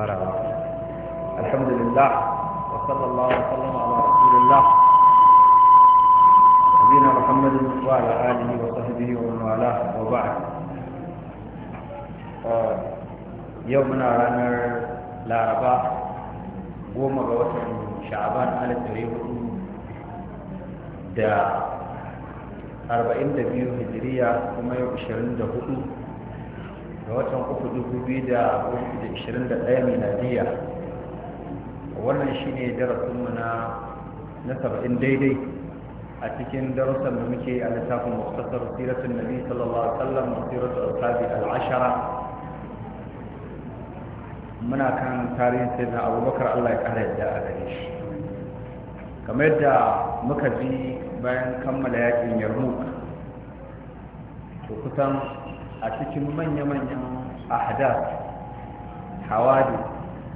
الحمد لله وصلى الله وسلم على رسول الله نبينا محمد وعلى اله وصحبه ومن والاه وبعد آه، يومنا رانا لا ربا قوم بوطن شعبان على الطريق دا أربعين دبيو هجرية وما يبشرن دهو ga watan uku dubu biyu da uku da ishirin da ɗaya miladiya wannan shi ne darasinmu na saba'in daidai a cikin darussan da muke a littafin muktasar siratun nabi sallallahu alaihi wasallam siratu ashabi al-ashara muna kan tarihin sai na abubakar Allah ya kara yadda a gare shi kamar yadda muka ji bayan kammala yakin yarmouk to kusan a cikin manya-manyan ahadar hawadi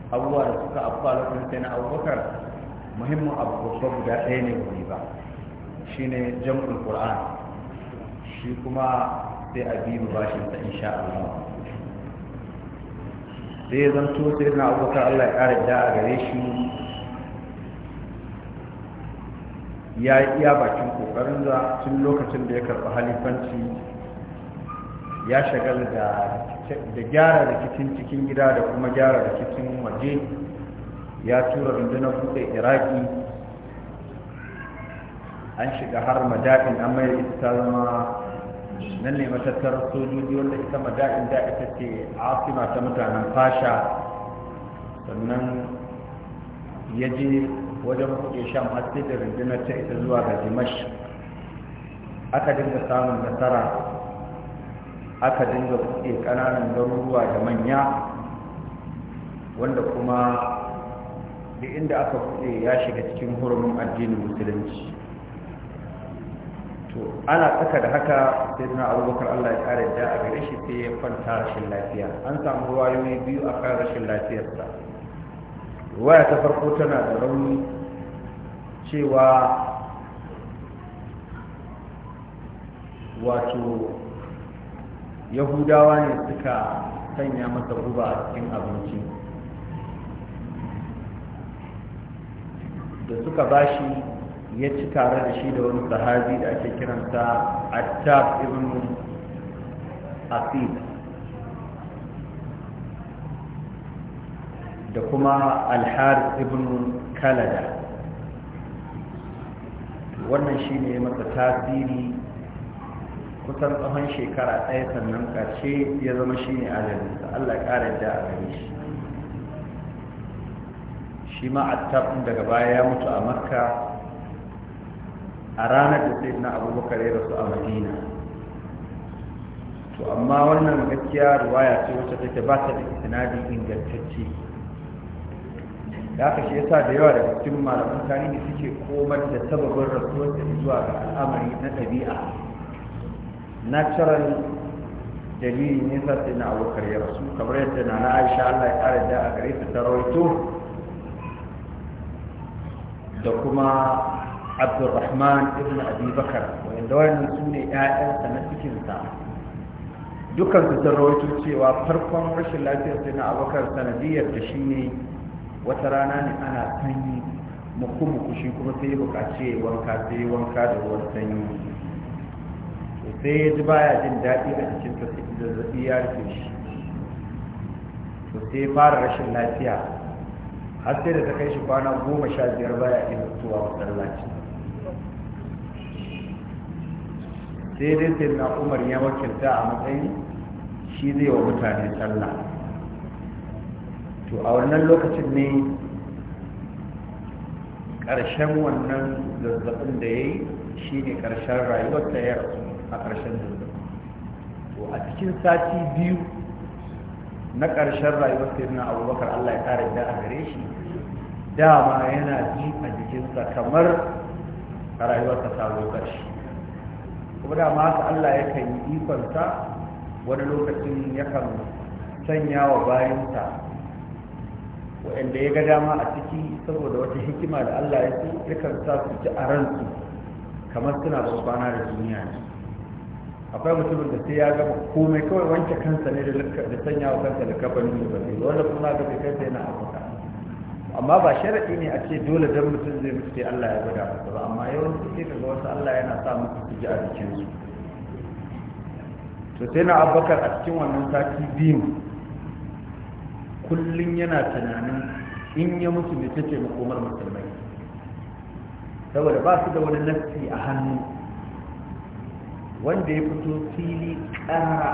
abubuwa da suka abuwa lokacin sai na abubakar muhimmin abu babba guda ɗaya ne wani ba shi ne jam'ul qur'an shi kuma sai a bi bashin ta insha Allah sai ya zanto sai na abubakar Allah ya ƙara da a gare shi ya yi iya bakin kokarin za tun lokacin da ya karɓi halifanci ya shagal da gyara rikicin cikin gida da kuma gyara rikicin waje ya tura rundunar buɗe iraki an shiga har madaɗin an mai ita zama nan ne matattar sojoji wanda ita madaɗin da ita ce asima ta mutanen fasha sannan ya je wajen buɗe sham har da rundunar ta ita zuwa ga dimash aka dinga samun nasara aka dinga buɗe ƙananan garuruwa da manya wanda kuma da inda aka buɗe ya shiga cikin hurumin addinin musulunci to ana tsaka da haka sai suna abubakar allah ya ƙara da a gare shi sai ya kwanta rashin lafiya an samu ruwayoyi biyu a kan rashin lafiyarsa ruwaya ta farko tana da rauni cewa wato yahudawa ne suka sanya masa guba a cikin abinci da suka bashi ya ci tare da shi da wani sahabi da ake kiransa attab ibn asid da kuma alhar ibn kalada wannan shi ne masa tasiri kusan tsawon shekara ɗaya sannan ƙarshe ya zama shi ne ajalinsa allah ƙara da a gare shi shi ma attab daga baya ya mutu a makka a ranar da sai na abubakar ya rasu a madina to amma wannan gaskiya ruwaya ce wacce take ba ta da isnadi ingantacce da aka shi yasa da yawa daga cikin malamin tarihi suke komar da sababin rasuwar da zuwa ga al'amari na ɗabi'a natural dalili ne sa sai na abokar ya rasu kamar yadda na na aisha allah ya kare da a gare ta tarawaito da kuma abdurrahman ibn Abibakar bakar wanda wannan su ne 'ya'yansa na cikinsa dukansu sun rawaito cewa farkon rashin lafiyar sai na abokar sanadiyar da shi ne wata rana ne ana sanyi muku muku shi kuma sai ya buƙaci wanka sai wanka da ruwan sanyi sai ya ji baya jin daɗi a cikin ta sai zaɓi ya rufe shi to sai fara rashin lafiya har sai da ta kai shi kwana goma sha biyar baya iya zuwa masallaci sai dai sai na umar ya wakilta a matsayin shi zai wa mutane sallah to a wannan lokacin ne ƙarshen wannan zazzabin da ya yi shi ne ƙarshen rayuwar ta ya rasu a ƙarshen to a cikin sati biyu na ƙarshen rayuwar sayyidina abubakar allah ya ƙara da a gare shi dama yana ji a jikinsa kamar a rayuwar ta ƙarshe kuma dama haka allah ya kan yi ikonsa wani lokacin yakan sanya wa bayansa waɗanda ya ga dama a ciki saboda wata hikima da Allah ya ci sa su ji a ransu kamar suna babbana da duniya ne akwai mutumin da sai ya gama komai kawai wanke kansa ne da sanya wa kansa da kafa ne ba sai wanda kuma ga bai kansa yana afirka amma ba sharaɗi ne a ce dole dan mutum zai mutu sai Allah ya gwada masa ba amma yawanci sai kaga wasu Allah yana sa mutu su ji a jikin su to sai na abubakar a cikin wannan sati biyu kullum yana tunanin in ya mutu ne take makomar musulmai saboda ba su da wani nafsi a hannu wanda ya fito fili ƙara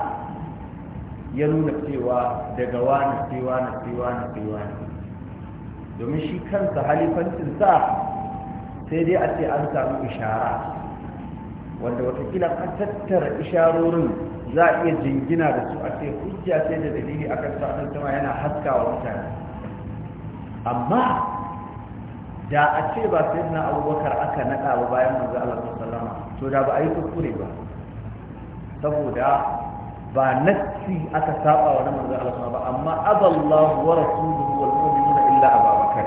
ya nuna cewa daga wani cewa na cewa na cewa ne domin shi kansa halifancinsa sai dai a ce an samu ishara wanda watakila an tattara isharorin za a iya jingina da su a ce hujja sai da dalili a akan sa'adun sama yana haskawa mutane amma da a ce ba sai na abubakar aka naɗa ba bayan manzo Allah sallama to da ba a yi kuskure ba saboda ba nassi aka saba wa na manzo Allah ba amma azallahu wa rasuluhu wal mu'minuna illa ababakar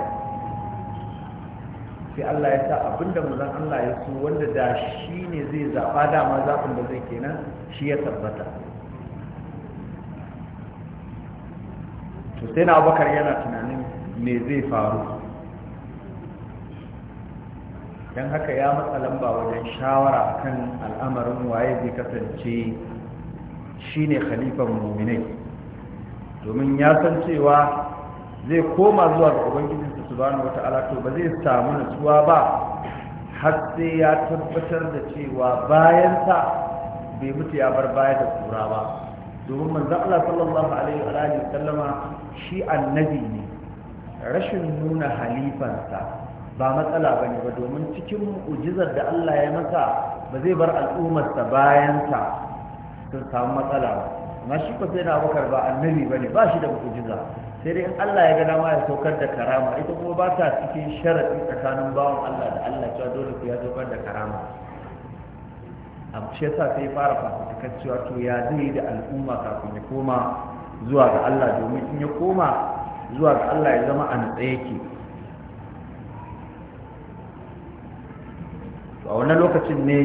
sai Allah ya sa abinda manzon Allah ya so wanda da shi ne zai zaba dama zafin da zai kenan shi ya tabbata to sai na abubakar yana tunanin me zai faru don haka ya matsa lamba wajen shawara kan al'amarin waye zai kasance shine khalifan muminai domin ya san cewa zai koma zuwa ga ubangijinsa bani wata to ba zai samu nutsuwa ba har sai ya tabbatar da cewa bayansa bai mutu ya bar baya da kura ba domin manzo Allah sallallahu alaihi wa sallama shi annabi ne rashin nuna halifansa ba matsala ba ne ba domin cikin mu'ujizar da Allah ya masa ba zai bar al'ummarsa bayansa sun samu matsala ba amma shi ko sai na bakar ba annabi ba ne ba shi da mu'ujiza sai dai Allah ya ga dama ya saukar da karama ita kuma ba ta cikin sharaɗi tsakanin bawan Allah da Allah cewa dole ku ya saukar da karama abu shi yasa sai fara fafutukar cewa to ya zai da al'umma kafin ya koma zuwa ga Allah domin in ya koma zuwa ga Allah ya zama a natsa yake to a wannan lokacin ne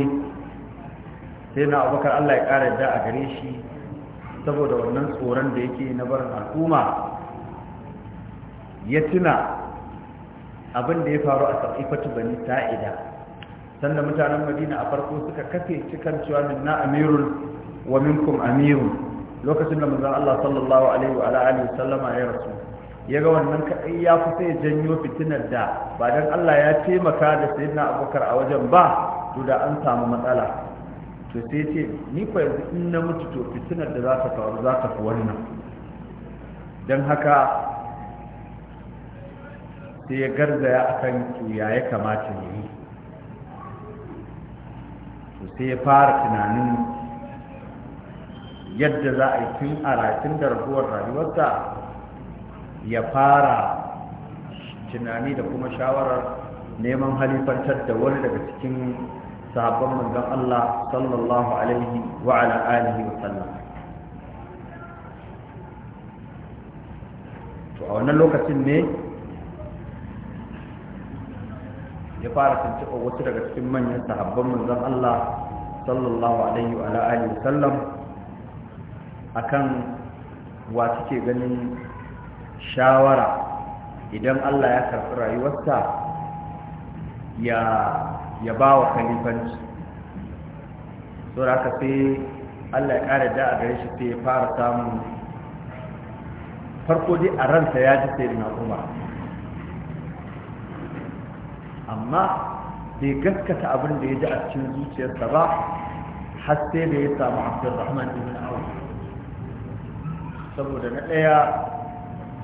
sai na abubakar allah ya ƙara yadda a gare shi saboda wannan tsoron da yake na barin al'umma ya tuna abin da ya faru a sa'ifatu bani sa'ida sannan mutanen madina a farko suka kafe cikan cewa min na amirun wa minkum amirun lokacin da manzon allah sallallahu alaihi wa alihi ya rasu ya ga wannan kaɗai ya fi sai janyo fitinar da ba don Allah ya taimaka da na abokar a wajen ba to da an samu matsala to sai ce ni fa yanzu in na mutu to fitinar da za ta faru za ta fi wannan don haka sai ya garzaya a kan ya ya kamata ya yi to sai ya fara tunanin yadda za a yi tun a rakin da rahuwar rayuwarsa ya fara tunani da kuma shawarar neman halifantar da wani daga cikin sahabban manzon Allah sallallahu alaihi wa ala alihi wa sallam to a wannan lokacin ne ya fara tuntuɓa wasu daga cikin manyan sahabban manzon Allah sallallahu alaihi wa ala alihi wa sallam akan wa suke ganin shawara idan Allah ya karɓi rayuwarsa ya ya ba wa khalifanci saboda sai Allah ya ƙara da a gare shi sai ya fara samun farko dai a ransa ya ji sai na amma bai gaskata abin da ya ji a cikin zuciyarsa ba har sai da ya samu rahman ibn awon saboda na ɗaya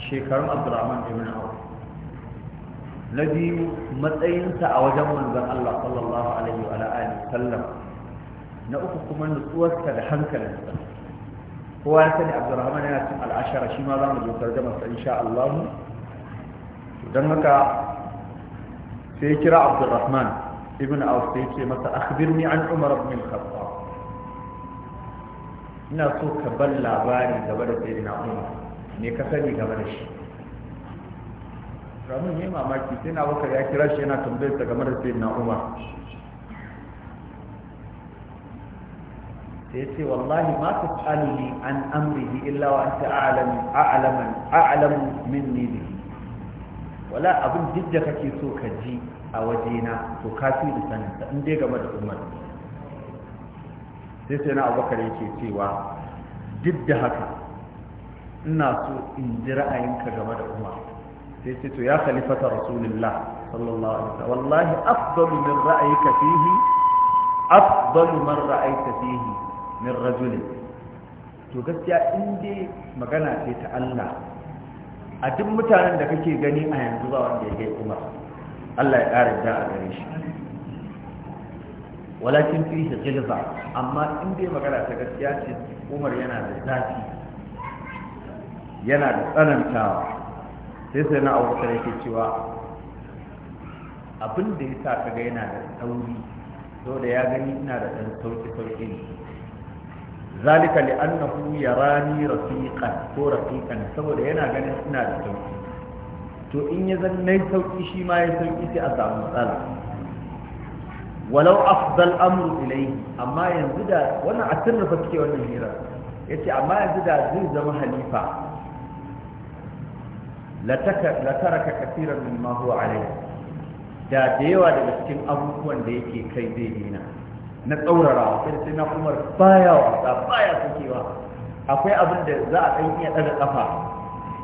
shekarun abdurrahman ibn auf na biyu matsayinsa a wajen manzon Allah sallallahu alaihi wa alihi sallam na uku kuma nutsuwarsa da hankalinsa kowa ya sani abdurrahman yana cin al'ashara shi ma za mu dokar da masa insha Allah don haka sai kira abdurrahman ibn auf sai ce masa akhbirni an umar ibn al-khattab ina so ka ban labari gaba da sayyidina umar me ka sani game da shi ramin ne mamaki sai na bakar ya kira shi yana tambayar ta game da sayin na umar sai ya ce wallahi ma ta tsalini an amrihi illa wa anta a'lamu min minni wala abin duk kake so ka ji a wajena to ka fi da saninsa in dai game da umar sai sai na abubakar yake cewa duk da haka ina so in ji ra'ayinka game da umar sai ce to ya khalifata rasulullah sallallahu alaihi wasallam wallahi afdalu min ra'ayika fihi afdalu man ra'aita fihi min rajulin to gaskiya in dai magana ce ta Allah a duk mutanen da kake gani a yanzu ba wanda ya kai umar Allah ya ƙara da a gare shi walakin fihi ghilza amma in dai magana ta gaskiya ce umar yana da zafi yana da tsanantawa sai sai na abubakar yake cewa abin da ya sa kaga yana da sauri saboda ya gani ina da ɗan sauki sauki ne zalika li annahu yarani rafiqan ko rafiqan saboda yana ganin ina da sauki to in ya zan nai sauki shi ma ya sauki sai a samu matsala walau afdal amru ilayhi amma yanzu da wannan asirra fa suke wannan hira yace amma yanzu da zai zama halifa la taraka kafiran min ma huwa alai da da yawa daga cikin abubuwan da yake kai zai dina na tsaurara sai sai na umar baya wasa baya sakewa akwai abin da za a ɗan iya daga ƙafa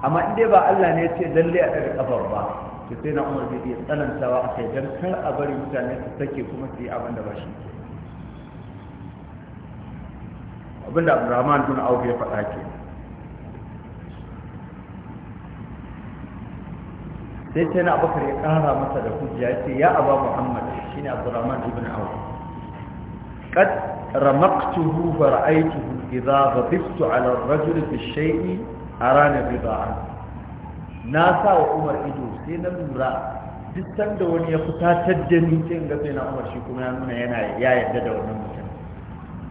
amma in dai ba Allah ne ya ce lalle a daga ƙafar ba to sai na umar zai iya tsanantawa a kai don kar a bari mutane su sake kuma su yi abin da ba shi abin da Abdurrahman bin Auf ya faɗa ke sai sai na abubakar ya kara masa da hujja ya ce ya aba muhammad shi ne abdurrahman ibn awu kad ramaktuhu fa ra'aytuhu idza ghadibtu ala ar-rajul fi shay'i arana rida'an na sa wa umar ido sai na lura duk sanda wani ya fitatar da ni in ga sai na umar shi kuma ya nuna yana ya yarda da wannan mutum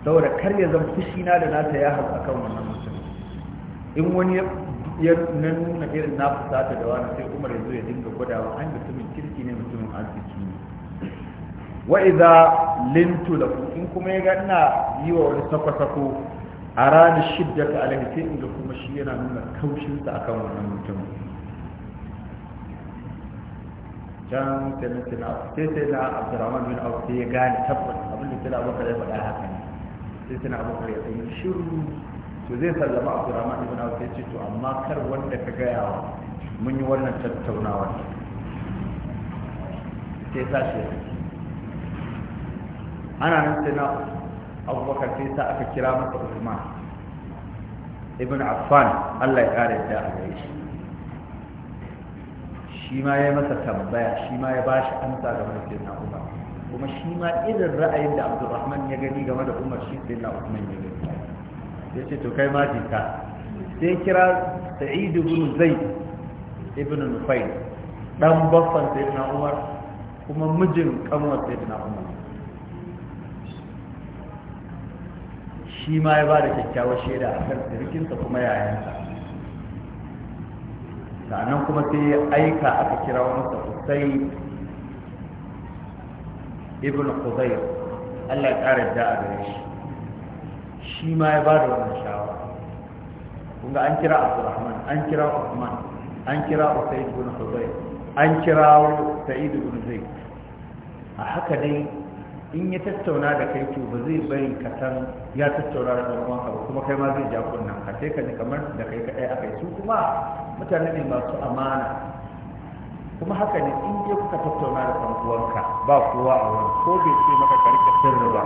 saboda kar ya zama fushi na da nata ya haɗu akan wannan mutum in wani ya nuna irin na fusata da wani sai umar ya zo ya dinga gwadawa an mutumin kirki ne mutumin arziki ne wa idza lintu da in kuma ya ganna yi wa wani sako-sako a ranar ta alaihi sai inda kuma shi yana nuna kaushinsa akan wannan mutum can sai na sai sai na abdurrahman bin auf sai ya gane tabbas abin da sai abubakar ya faɗa haka ne sai sai na abubakar ya tsaye shiru to zai sallama abdurrahman ibn auf ya ce to amma kar wanda ka gaya wa mun yi wannan tattaunawa sai tashi ana nan sai na abubakar sai sa aka kira masa usman ibn affan allah ya kare da a gare shi shi ma ya masa tambaya shi ma ya bashi amsa da wani sai na umar kuma shi ma irin ra'ayin da abdurrahman ya gani game da umar shi sai na usman ya gani ya ce to kai ma sai kira sa'id ibn zaid ibn nufail dan baffan sayyidina umar kuma mijin kanwar sayyidina umar shi ma ya ba da kyakkyawar shaida a kan sirkinsa kuma yayansa sannan kuma sai ya aika aka kira wani sahusai ibn Khudayr Allah ya ƙara da a gare shi shi ma ya ba da wannan shawara kun ga an kira abdurrahman an kira usman an kira usaid ibn hudayr an kira sa'id ibn zayd a haka dai in ya tattauna da kai to ba zai bari ka san ya tattauna da ɗan uwanka ba kuma kai ma zai ja kunna. ka sai ka ji kamar da kai kaɗai aka yi su kuma mutane ne masu amana kuma haka ne in dai kuka tattauna da ɗan uwanka ba kowa a wani ko bai ce maka ka rike sirri ba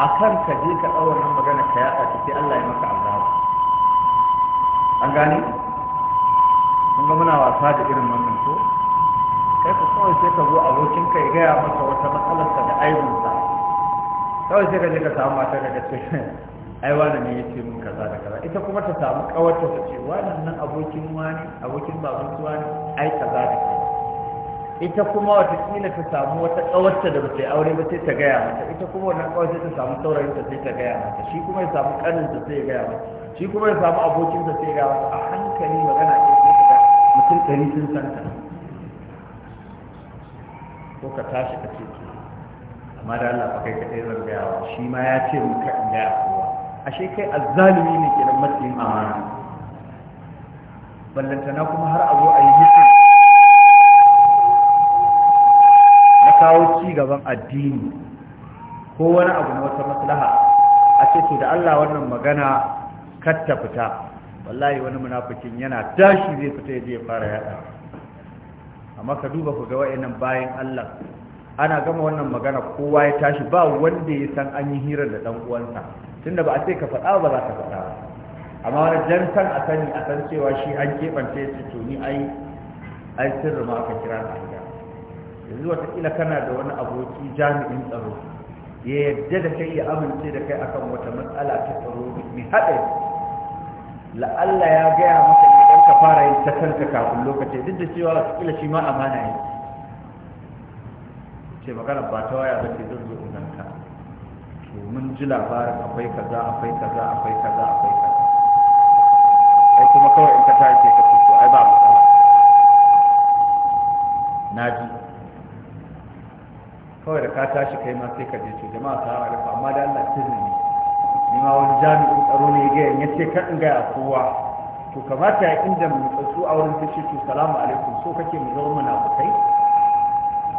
a kan ka je ka ɗau wannan magana ka yaɗa ta sai Allah ya maka azaba an gane mun ga muna wasa da irin wannan ko kai ka kawai sai ka zo abokin ka ya gaya maka wata ka da aibinsa kawai sai ka je ka samu mata da cikin ai wani ne ya ce mun kaza da kaza ita kuma ta samu kawarta ta ce wani nan abokin wani abokin baban wani ai kaza da kaza ita kuma wata kila ta samu wata kawarta da bata aure ba sai ta gaya mata ita kuma wannan kawarta ta samu saurayin ta sai ta gaya mata shi kuma ya samu kanin ta sai ya gaya mata shi kuma ya samu abokin ta sai ya gaya mata a hankali magana ce sai ka ga mutum ɗari sun san ta ko ka tashi ka ce ki amma da Allah kai ka dai zan gaya wa shi ma ya ce mu ka inda ya kowa ashe kai azzalimi ne kenan matsayin amana ballantana kuma har abu zo a yi kawo ci gaban addini ko wani abu na wata maslaha a ce to da Allah wannan magana katta fita wallahi wani munafikin yana tashi zai fita ya je ya fara yada amma ka duba ku ga wayannan bayan Allah ana gama wannan magana kowa ya tashi ba wanda ya san an yi hirar da dan uwansa tunda ba a ce ka faɗa ba za ka faɗa amma wani jan san a sani a san cewa shi an keɓance shi to ni ai ai sirri ma aka kira na yanzu watakila kana da wani aboki jami'in tsaro ya yadda da kai ya amince da kai akan wata matsala ta tsaro mai haɗe. la'alla ya gaya maka ne ka fara yin ta kanka kafin lokaci duk da cewa watakila shi ma amana ne ce magana ba ta waya bace zan zo in ka. to mun ji labarin akwai kaza akwai kaza akwai kaza akwai kaza ai kuma kawai in ka tashi ka ce to ai ba matsala na ji kawai da ka tashi kai ma sai ka je to jama'a ta hawa rufa amma da Allah ne ni ma wani jami'in tsaro ne ga ya ce ka in gaya kowa to kamata ya inda mu tsatsu a wurin tashi to salamu alaikum so kake mu zama munafukai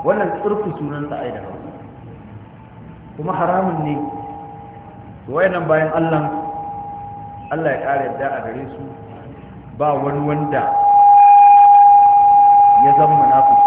wannan tsurku sunan da ai da kuma haramun ne to nan bayan Allah Allah ya kare yadda a gare su ba wani wanda ya zama munafiki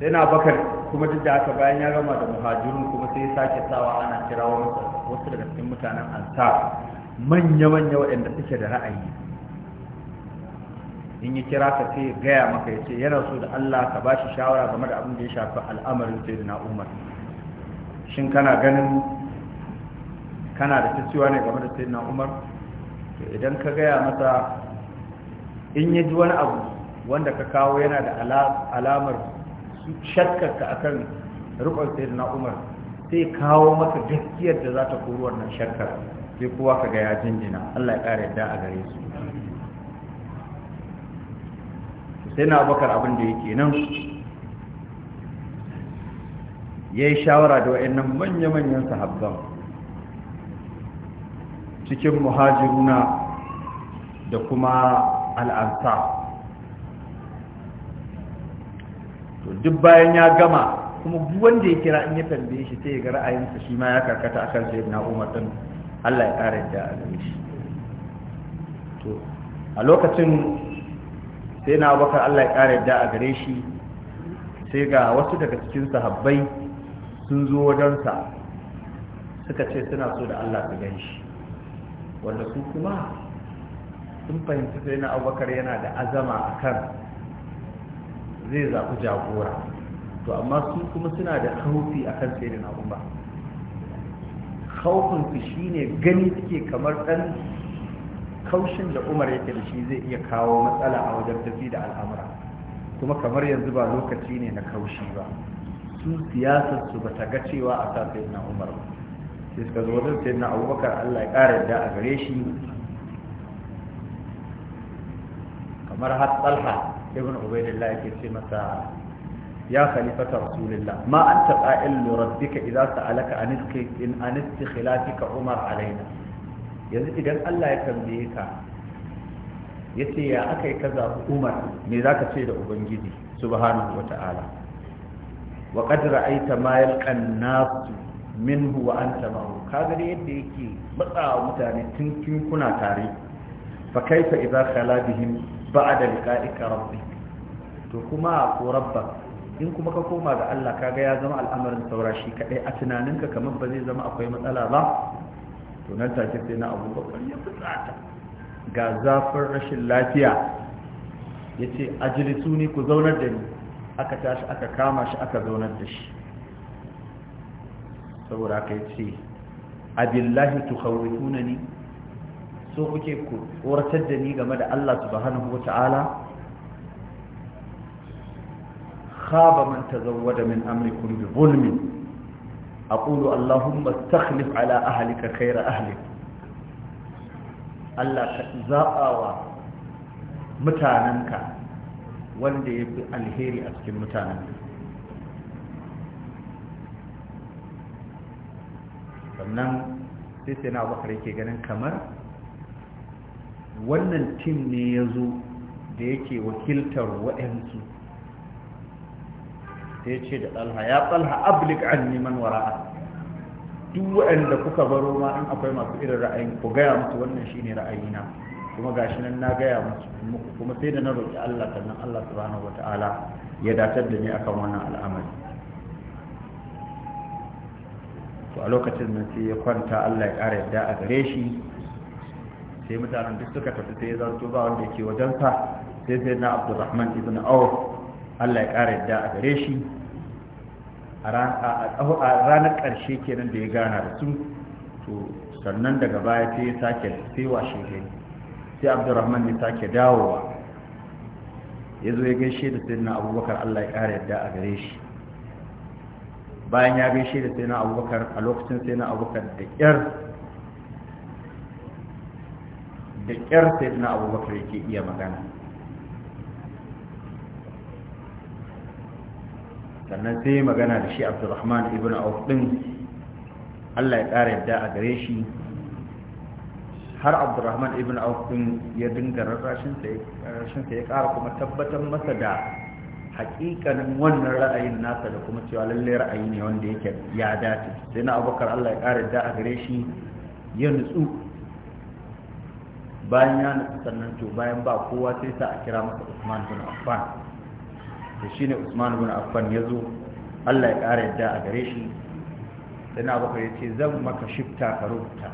sai na bakar kuma duk da haka bayan ya gama da muhajirun kuma sai ya sake sawa ana kirawo masa wasu daga cikin mutanen ansa manya-manya waɗanda suke da ra'ayi in yi kira ka sai gaya maka ya ce yana so da Allah ka ba shi shawara game da abin da ya shafi al'amarin sai na umar shin kana ganin kana da cewa ne game da sai na umar idan ka gaya masa in ya ji wani abu wanda ka kawo yana da alamar shakkarka akan rukun na umar sai kawo maka gaskiyar da za ta kori wannan shakkar sai kowa ka ga ya jinjina Allah ya ƙara yadda a gare su sai na abokar abin da yake nan ya yi shawara da wa'annan manya-manyan sahabban cikin muhajiruna da kuma al'ansa to duk bayan ya gama kuma duk wanda ya kira in ya tambaye shi sai ya ga ra'ayinsa shi ma ya karkata akan na Umar din Allah ya kare da gare shi to a lokacin sai na Abubakar Allah ya kare da gare shi sai ga wasu daga cikin sahabbai sun zo sa suka ce suna so da Allah su gan shi wanda su kuma sun fahimci sai na Abubakar yana da azama akan zai zaɓi jagora to amma su kuma suna da haufi a kan sai na umar haufinsu shi ne gani suke kamar ɗan kaushin da umar yake da shi zai iya kawo matsala a wajen tafi da al'amura kuma kamar yanzu ba lokaci ne na kaushi ba su siyasarsu ba ta ga cewa a sa sai na umar sai suka zo wajen sai na abubakar allah ya ƙara yadda a gare shi kamar har tsalha ibn ubaidillah yake ce masa ya khalifata rasulillah ma anta qa'il li rabbika idza sa'alaka an in an istikhlafika umar alaina yanzu idan Allah ya tambaye ka yace ya akai ka zabi umar me zaka ce da ubangiji subhanahu wata'ala wa qad ra'aita ma yalqan nas minhu wa anta ma'ahu kaga yadda yake matsawa mutane tun kuna tare fa kaifa idza khala bihim ba'da liqa'ika rabbi to kuma ko rabba in kuma ka koma ga Allah kaga ya zama al'amarin saura shi kadai a tunaninka kamar ba zai zama akwai matsala ba to nan take sai na Abu Bakar ya fusata ga zafin rashin lafiya yace ni ku zaunar da ni aka tashi aka kama shi aka zaunar da shi saboda aka yace abillahi tukhawwitunani so kuke ku tsoratar da ni game da Allah subhanahu wa ta'ala khaba man tazawwada min amrikum bi zulmin aqulu allahumma istakhlif ala ahlika khayra ahlik Allah ka wa mutananka wanda yafi alheri a cikin mutananka sannan sai sai na bakar yake ganin kamar wannan tim ne ya zo da yake wakiltar waɗansu da ya ce da ɗalha ya ɗalha ablik an neman wara'a duk waɗanda kuka baro ma in akwai masu irin ra'ayin ku gaya musu wannan shi ne ra'ayina kuma ga shi nan na gaya musu kuma sai da na roƙi Allah sannan Allah subhanahu ta'ala, ya datar da ni akan wannan al'amari to a lokacin nan sai ya kwanta Allah ya ƙara yadda a gare shi sai mutanen duk suka tafi sai zan to ba wanda yake wajen sa sai sai na rahman ibn Auf Allah ya kara yadda a gare shi a ranar karshe kenan da ya gana da su to sannan daga baya sai ya sake sai washe ne sai rahman ya sake dawowa ya zo ya gaishe da sai na Abubakar Allah ya kara yadda a gare shi bayan ya gaishe da sai na Abubakar a lokacin sai na Abubakar da kyar da kyar sayyidina abubakar yake iya magana sannan sai magana da shi abdurrahman ibn auf din allah ya ƙara yadda a gare shi har abdurrahman ibn auf din ya dinga rashinsa ya ƙara kuma tabbatar masa da hakikanin wannan ra'ayin nasa da kuma cewa lallai ra'ayi ne wanda yake ya dace sai na abubakar allah ya ƙara yadda a gare shi ya nutsu bayan ya nufi sannan to bayan ba kowa sai sa a kira masa usman bin affan da shine usman bin affan ya zo allah ya ƙara yadda a gare shi dana bakar ya ce zan maka shifta ka rubuta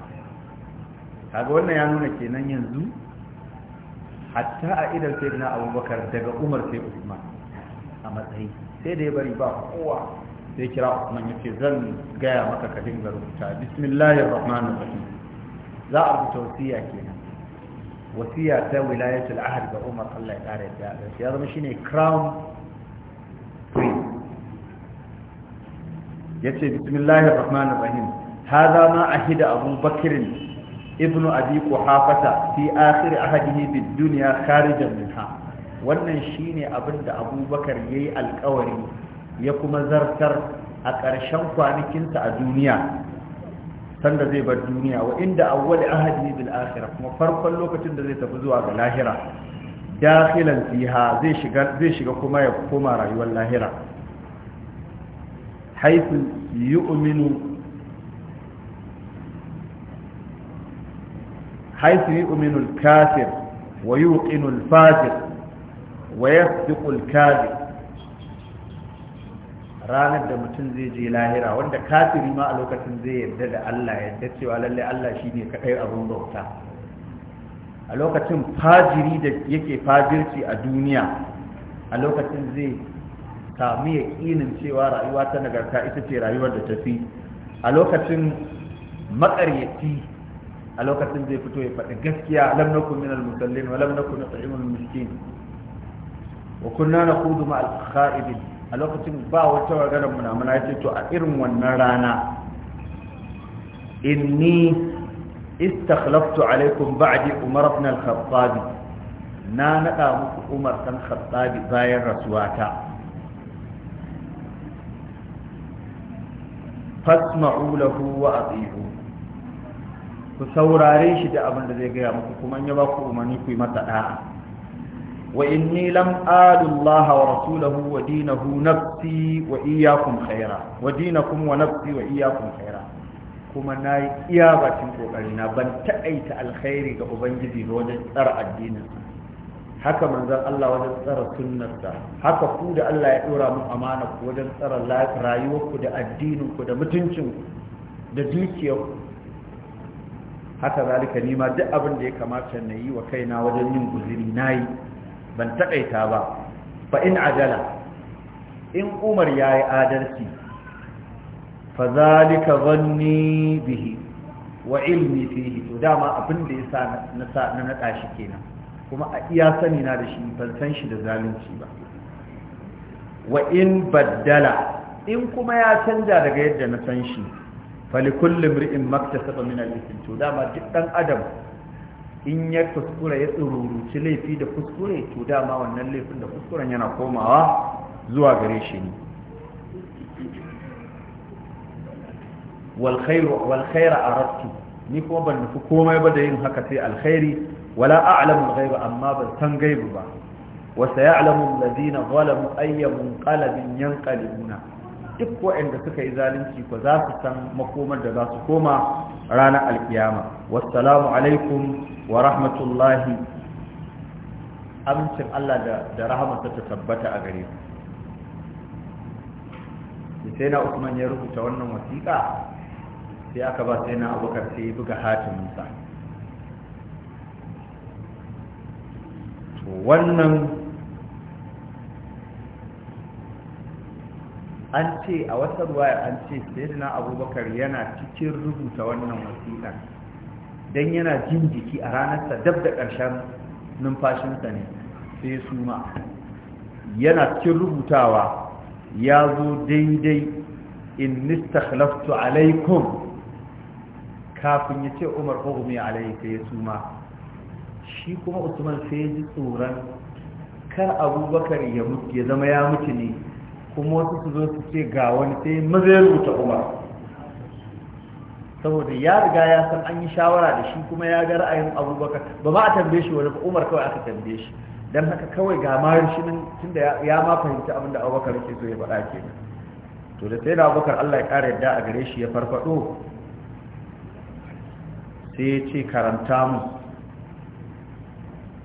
kaga wannan ya nuna kenan yanzu hatta a idan sai na abubakar daga umar sai usman a matsayi sai da ya bari ba kowa sai kira usman ya ce zan gaya maka ka dinga rubuta bismillahir rahmanir rahim za a rubuta wasiya ke wasiya ta wilayatul ahad ga umar allah ya kare ta da shi ya zama shine crown prince yace bismillahir rahmanir rahim hadha ma ahida abu bakr ibnu abi quhafata fi akhir ahadihi bid dunya kharijan minha wannan shine abinda abubakar yayi alƙawari ya kuma zartar a ƙarshen kwanakinsa a duniya sanda zai bar duniya wa inda awwal ahadi bil akhirah kuma farkon lokacin da zai tafi zuwa ga lahira dakhilan fiha zai shiga zai shiga kuma ya koma rayuwar lahira haythu yu'minu حيث يؤمن الكافر ويوقن الفاجر ويصدق الكاذب ranar da mutum zai je lahira wanda kafiri ma a lokacin zai yarda da Allah yarda cewa lalle Allah shine kadai abin bauta a lokacin fajiri da yake fajirci a duniya a lokacin zai ya yaƙinin cewa rayuwa ta nagarta ita ce rayuwar da tafi a lokacin makaryaci a lokacin zai fito ya faɗi gaskiya lam nakum minal musallin wa lam nakum nut'imul miskin wa kunna naqudu ma'al kha'ibin a lokacin ba wata maganar munamuna ya ce to a irin wannan rana inni istakhlaftu alaikum ba'di umar ibn al-khattabi na nada muku umar dan bayan rasuwata fasma'u lahu wa ati'u ku saurare shi da abin da zai gaya muku kuma ya ba ku umarni ku yi masa da'a Wa لم آل wa ورسوله ودينه نفسي وإياكم خيرا ودينكم ونفسي وإياكم kuma na yi iya bakin ban ta'aita alkhairi ga ubangiji ga wajen tsara addinin haka manzon Allah wajen tsara sunnarsa haka ku da Allah ya dora mu amana ku wajen tsara rayuwarku da addinin ku da mutuncin ku da dukiyar ku haka zalika nima duk abin da ya kamata na yi wa kaina wajen yin guziri na yi ban takaita ba fa in ajala in umar yayi adalci fa zalika zanni bihi wa ilmi fihi to dama abin da ya sa na nada shi kenan kuma a iya sani na da shi ban san shi da zalunci ba wa in baddala in kuma ya canja daga yadda na san shi kullum mri'in maktasaba min al-ithm to dama duk dan adam in ya kuskura ya tsururuci laifi da kuskure to dama wannan laifin da kuskuren yana komawa zuwa gare shi ne walkhaira a rattu ni kuma ban nufi komai ba da yin haka sai alkhairi wala a'lamu ghaiba amma ban san gaibu ba wa sayalamu alladhina zalamu ayyamun qalbin yanqalibuna duk waɗanda suka yi zalunci ko za su san makomar da za su koma ranar alkiyama wassalamu alaikum wa rahmatullahi amincin Allah da rahmatar ta tabbata a gare ku sai na Usman ya rubuta wannan wasiƙa sai aka ba sai na Abubakar sai buga hatiminsa to wannan an ce a wata ruwaya an ce na abubakar yana cikin rubuta wannan wasiƙar dan yana jin jiki a ranarsa dab da ƙarshen numfashinsa ne sai suma yana cikin rubutawa ya zo daidai in nistakhlaftu alaikum kafin ya ce umar hukumi alaika ya suma shi kuma usman sai ya ji tsoron kar abubakar ya zama ya mutu ne kuma wasu su zo su ce ga wani sai maza ya rubuta umar saboda ya riga ya san an yi shawara da shi kuma ya ga ra'ayin abubakar ba ba a tambaye shi wani umar kawai aka tambaye shi dan haka kawai ga marin shi nan tunda ya ma fahimci abin da abubakar yake so ya faɗa ke to da sai da abubakar allah ya ƙara yadda a gare shi ya farfaɗo sai ya ce karanta mu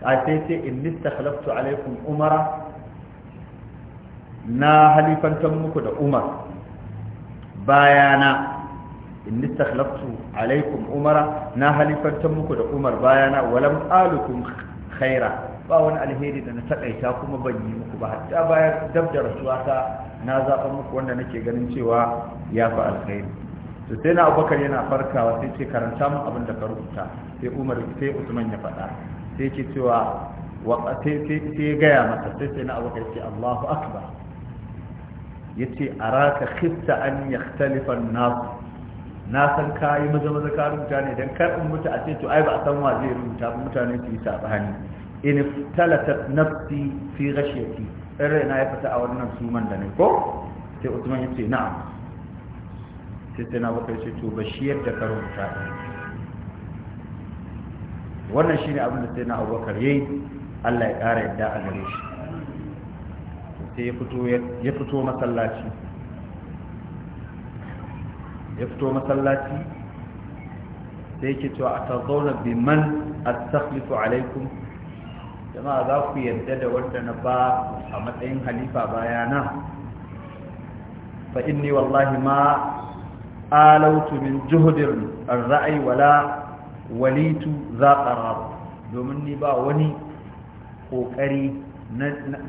a sai ce in nista halaftu alaikum umara na halifantan muku da umar bayana in nistakhlaftu alaikum umara na halifantar muku da umar bayana walam alukum khaira ba wani alheri da na takaita kuma ban yi muku ba hatta bayan dab da rasuwa ta na zaɓa muku wanda nake ganin cewa ya fi alkhairi. to sai na abubakar yana farkawa sai ce karanta mun abin da ka rubuta sai umar sai usman ya faɗa sai ce cewa sai gaya masa sai sai na abubakar ce allahu akbar ya ce a raka khifta an yakhtalifa nasu na san kayi maza maza ka rubuta ne dan kar in mutu a ce to ai ba a san wa zai rubuta ba mutane su yi sabani in talata nafsi fi ghashyati in na ya fita a wannan suman da ne ko sai Usman yace na'am sai sai na bakai ce to bashiyar da ka rubuta wannan shine abin da sai na Abubakar yayi Allah ya ƙara yadda a gare shi sai ya fito masallaci ya fito masallaci sai yake cewa a tarzauna bi man astakhlifu alaikum jama'a za ku yarda da wanda na ba a matsayin halifa bayana fa inni wallahi ma alautu min juhudin ra'ayi wala walitu za domin ni ba wani ƙoƙari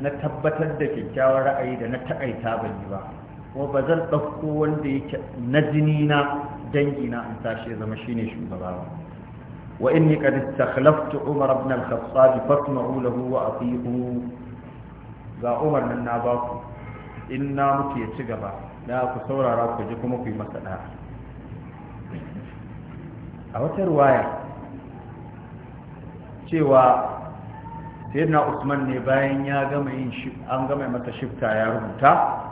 na tabbatar da kyakkyawar ra'ayi da na taƙaita ban yi ba ko ba zan ɗauko wanda yake na jini na dangi na an tashi zama shine shugaba ba wa inni qad istakhlaftu umar ibn al-khattab lahu wa atihu ga umar nan na ba ku in na muke ya ci gaba da ku saurara ku ji kuma ku yi masa da a wata ruwaya cewa sayyidina usman ne bayan ya gama yin an gama masa shifta ya rubuta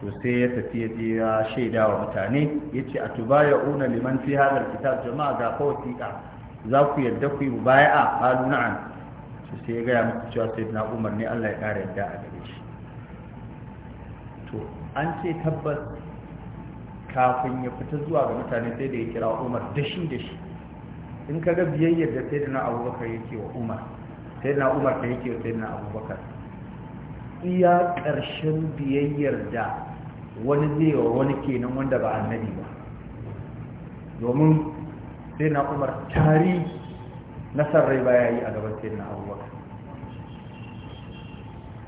to sai ya tafi ya je ya shaida wa mutane ya ce a ya una liman fi hadar kitab jama'a ga fa ka za ku yarda ku yi mubaya'a halu na'am to sai ya gaya muku cewa sai na umar ne allah ya ƙara yadda a gare shi to an ce tabbas kafin ya fita zuwa ga mutane sai da ya kira umar dashi shi in ka ga biyayyar da sai da na abubakar yake wa umar sai na umar da yake wa sai na abubakar iya ƙarshen biyayyar da wani zai wa wani kenan wanda ba annabi ba domin sai na umar tari san rai baya yi a gaban sai na abubakar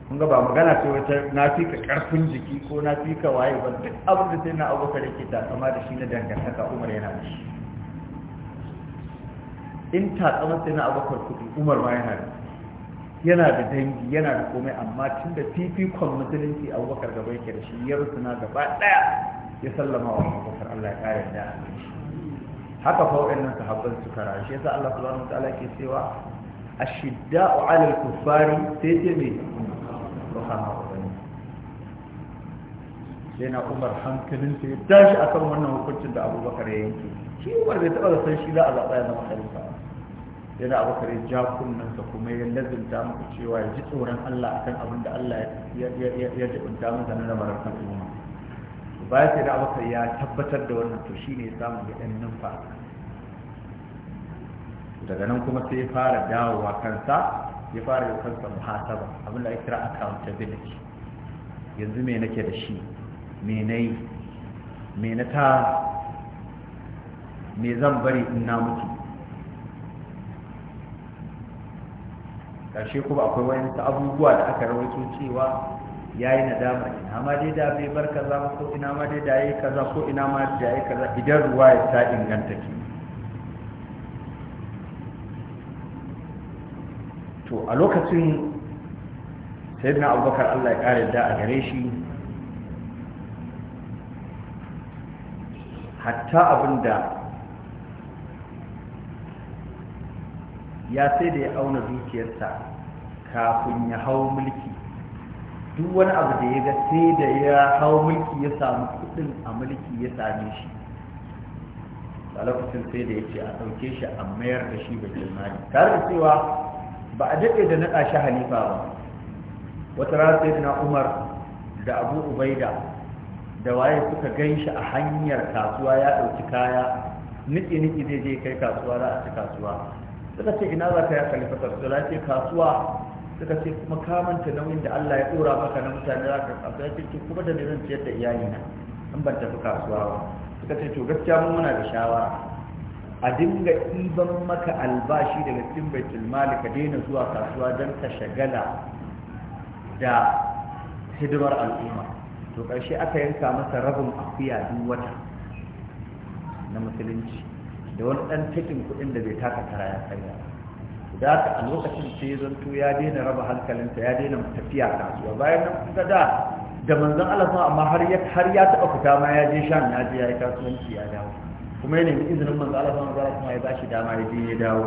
kun ga ba magana ce wata na fi ka karfin jiki ko na fi ka waye ba duk abin da sai na abubakar yake tatsama da shi na dangantaka umar yana da shi in tatsama sai na abubakar kudi umar ma yana da shi yana da dangi yana da komai amma tun da fifikon musulunci abubakar gaba yake da shi ya rusuna gaba daya ya sallama wa abubakar allah ya kare da haka fa waɗannan sahabban su kara shi yasa allah subhanahu wataala ke cewa ashidda'u 'ala al-kuffari sai ce me rahama ubani sai na umar hankalin sai ya tashi akan wannan hukuncin da abubakar ya yanke shi umar bai taɓa da san shi za a zaɓa ya zama khalifa Yana abu kare ja kuma ya lazimta maka cewa ya ji tsoron Allah akan abin da Allah ya jibinta masa na lamarin al'umma baya sai da abubakar ya tabbatar da wannan to shine ya samu ga ɗan numfa daga nan kuma sai ya fara dawowa kansa ya fara yi kansa muhasaba abin da ya kira accountability yanzu me nake da shi me na me na ta me zan bari in na mutu karshe kuma akwai wani abubuwa da aka rawaito cewa ya yi nadama ina ma dai da bai bar kaza ko ina ma dai da ya yi kaza ko ina ma da ya yi kaza idan ruwa ya ta inganta ke to a lokacin sai na abubakar allah ya kare da a gare shi hatta abin da ya sai da ya auna dukiyarsa kafin ya hau mulki duk wani abu da ya ga sai da ya hau mulki ya samu kudin a mulki ya same shi lokacin sai da ya ce a ɗauke shi a mayar da shi bakin mali tare da cewa ba a daɗe da naɗa shi halifa ba wata rana sai na umar da abu ubaida da waye suka gan shi a hanyar kasuwa ya ɗauki kaya niki niki zai je kai kasuwa za a ci kasuwa suka ce ina za ka ya khalifa da ce kasuwa suka ce kuma kamanta nauyin da Allah ya dora maka na mutane za ka kasuwa ce kuma da ne zan ciyar da iyali na an ban tafi kasuwa ba suka ce to gaskiya mun muna da shawara a dinga iban maka albashi daga cikin baitul mali ka daina zuwa kasuwa don ka shagala da hidimar al'umma to karshe aka yanka masa rabin akuya duk wata na musulunci da wani ɗan cikin kuɗin da bai taka kara ya karya da haka a lokacin ce ya zanto ya daina raba hankalinta ya daina tafiya kasuwa bayan nan kusa da da manzon Allah sa amma har ya har ya taɓa fita ma ya je shan ya je ya yi kasuwanci ya dawo kuma ya nemi izinin manzon Allah sa Allah kuma ya ba shi dama ya je ya dawo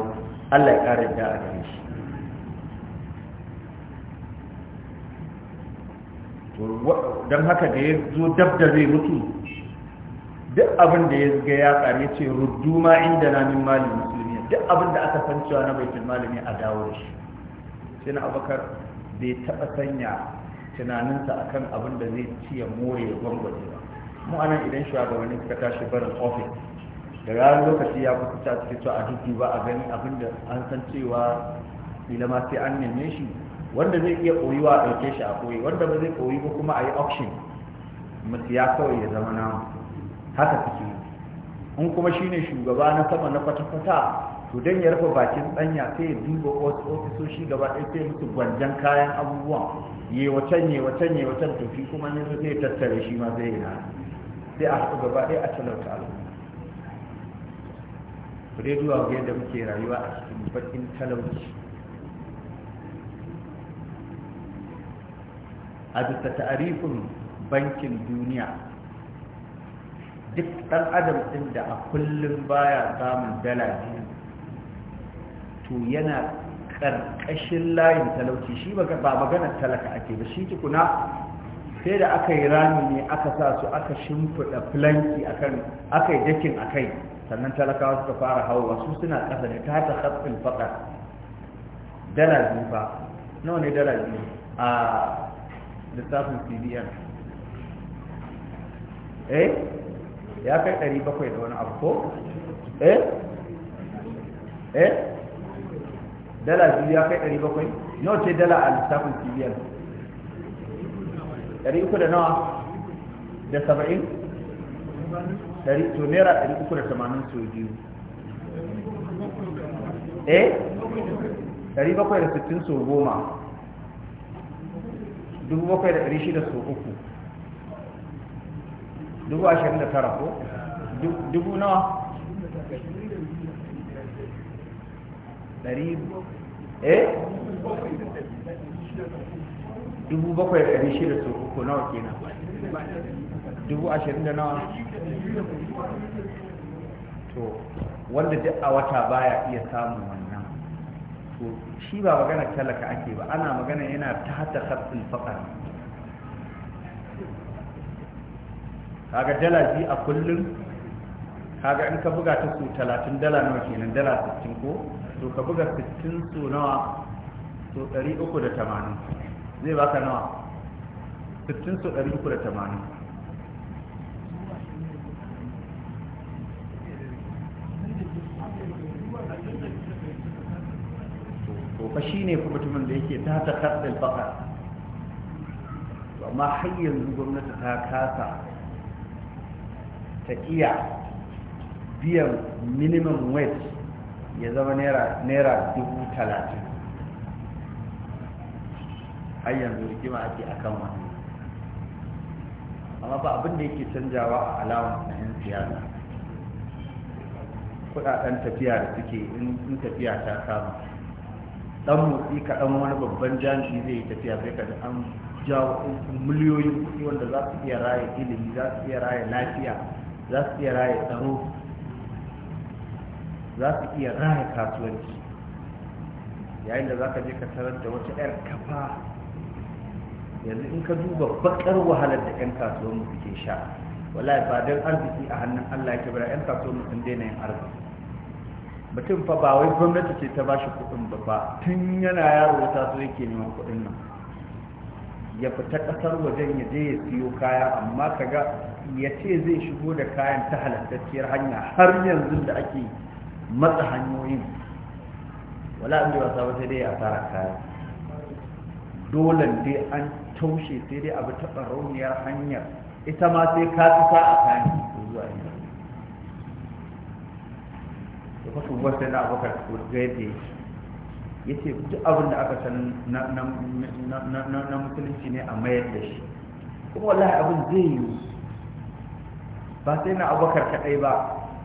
Allah ya ƙara yadda a gare shi don haka da ya zo dab da zai mutu duk abin da ya ga ya tsare ce ruddu ma inda na min malin musulmi duk abin da aka san cewa na baitul malami a dawo da shi sai na abakar bai taba sanya tunaninsa akan abin da zai ci ya more ya gwangwaje ba mu anan idan shugabanni suka tashi barin ofis da ranar lokaci ya kusa ta suke cewa a duk ba a gani abin da an san cewa ila ma sai an neme shi wanda zai iya koyuwa a ɗauke shi a koyi wanda ba zai koyi ba kuma a yi auction mu siya kawai ya zama namu haka yi in kuma shine shugaba na sama na kwata-kwata to don ya rufe bakin tsanya sai ya duba ofisoshi gaba ɗaya sai musu gwanjan kayan abubuwan ye wacan ye wacan ye wacan tafi kuma ne sai ya tattare shi ma zai yana sai a haɗu gaba ɗaya a talauta al'umma ku dai zuwa ga yadda muke rayuwa a cikin bakin talauci a bisa ta'arifin bankin duniya duk ɗan adam ɗin da a kullum baya samun dala biyu to yana ƙarƙashin layin talauci shi ba maganar talaka ake ba shi tukuna sai da aka yi rami ne aka sa su aka shimfiɗa filanki akan aka yi dakin akai sannan talakawa suka fara hawa wasu suna ƙasa ne ta ta hatsin faɗa dala biyu ba nawa ne dala biyu a lissafin cdn eh ya kai ɗari bakwai da wani abu ko eh eh dala biyu ya kai ɗari bakwai nawa ce dala a lissafin cibiyar ɗari uku da nawa da saba'in ɗari to naira ɗari uku da tamanin su biyu eh ɗari bakwai da sittin sau goma dubu bakwai da ɗari shida sau uku dubu ashirin da tara ko dubu nawa ɗari eh dubu bakwai da ɗari shida su uku nawa kenan dubu ashirin da nawa to wanda duk a wata baya iya samun wannan to shi ba magana talaka ake ba ana magana yana ta hata kafin fakar kaga dala biyu a kullum kaga in ka buga ta su talatin dala nawa kenan dala sittin ko to ka buga sittin su nawa to ɗari uku da tamanin zai baka nawa sittin su ɗari uku da tamanin shi ne fa mutumin da yake ta ta karɗin baka amma har yanzu gwamnati ta kasa ta iya biyan minimum wage ya zama naira dubu talatin har yanzu a ake akan wani amma ba abin da yake canjawa a alawar na 'yan siyasa kudaden tafiya da suke in tafiya ta kama dan motsi kaɗan wani babban jami'i zai yi tafiya bai kada an jawo miliyoyin kuɗi wanda za su iya raya ilimi za su iya raya lafiya za su iya raya tsaro za su iya raya kasuwanci yayin da za ka je ka tarar da wata 'yar kafa yanzu in ka duba bakar wahalar da 'yan kasuwanmu ke sha wallahi ba don arziki a hannun allah ya kebara 'yan kasuwanmu sun daina yin arziki mutum fa ba wai gwamnati ce ta ba shi kuɗin ba tun yana yaro ta so yake neman kuɗin nan ya fita kasar wajen ya je ya siyo kaya amma kaga ya ce zai shigo da kayan ta halattacciyar hanya har yanzu da ake matsa hanyoyin wala an wasa sai dai a tsara kaya dole dai an taushe sai dai abu ta rauniyar hanyar ita ma sai ka tuka a kayan zuwa yi da kwasu wasu na abokan kurgai da yace duk abin da aka san na musulunci ne a mayar da shi kuma wallahi abin zai yi ba sai na abubakar kaɗai ba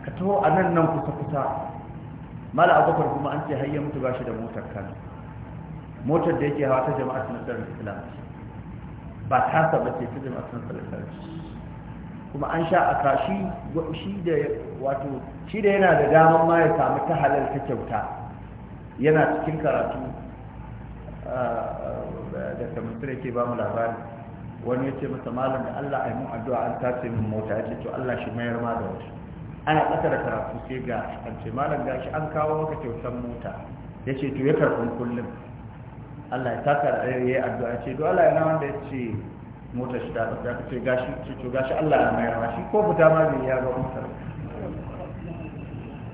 ka taho a nan nan kusa kusa mala abubakar kuma an ce hayya mutu ba shi da motar kano motar da yake hawa ta jama'a sun nasarar islam ba ta saba ce ta jama'a sun nasarar islam kuma an sha a kashi shi da wato shi da yana da daman ma ya samu ta halal ta kyauta yana cikin karatu da kamar ke ba mu labari wani ya ce masa malam da Allah ai mun addu'a an tace min mota ya ce to Allah shi mayar ma da wasu ana tsaka da karatu sai ga an ce malam gashi an kawo maka kyautar mota ya ce to ya karɓi kullum Allah ya taka da ya yi addu'a ce to Allah ya na wanda ya ce mota shi ta da ya ce gashi ce to gashi Allah ya mayar ma shi ko fita ma bai ya ga motar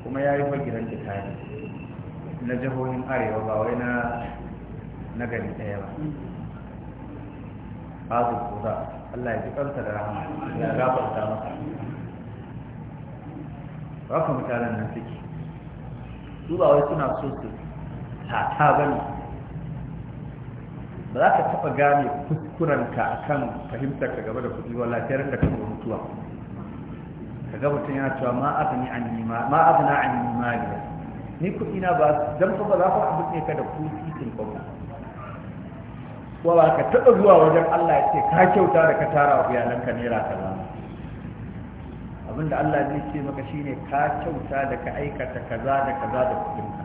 kuma ya yi fa gidan da kayan. na jihohin arewa ba wai na na gari ɗaya ba su kuza Allah ya ji ƙarsa da rahama ya gafarta masa haka mutanen nan suke su ba wai suna so su tata ba ne ba za ka taɓa gane kuskurenka a kan fahimtar ka gaba da kuɗi wa lafiyar da kan mutuwa ka ga mutum yana cewa ma abna an nima ma abna an ni kuɗi na ba dan fa ba za ku abu ne ka da ku titin ba ko ba ka taɓa zuwa wajen Allah ya ce ka kyauta da ka tara wa iyalanka naira kaza abinda Allah zai ce maka shine ka kyauta da ka aikata kaza da kaza da kuɗinka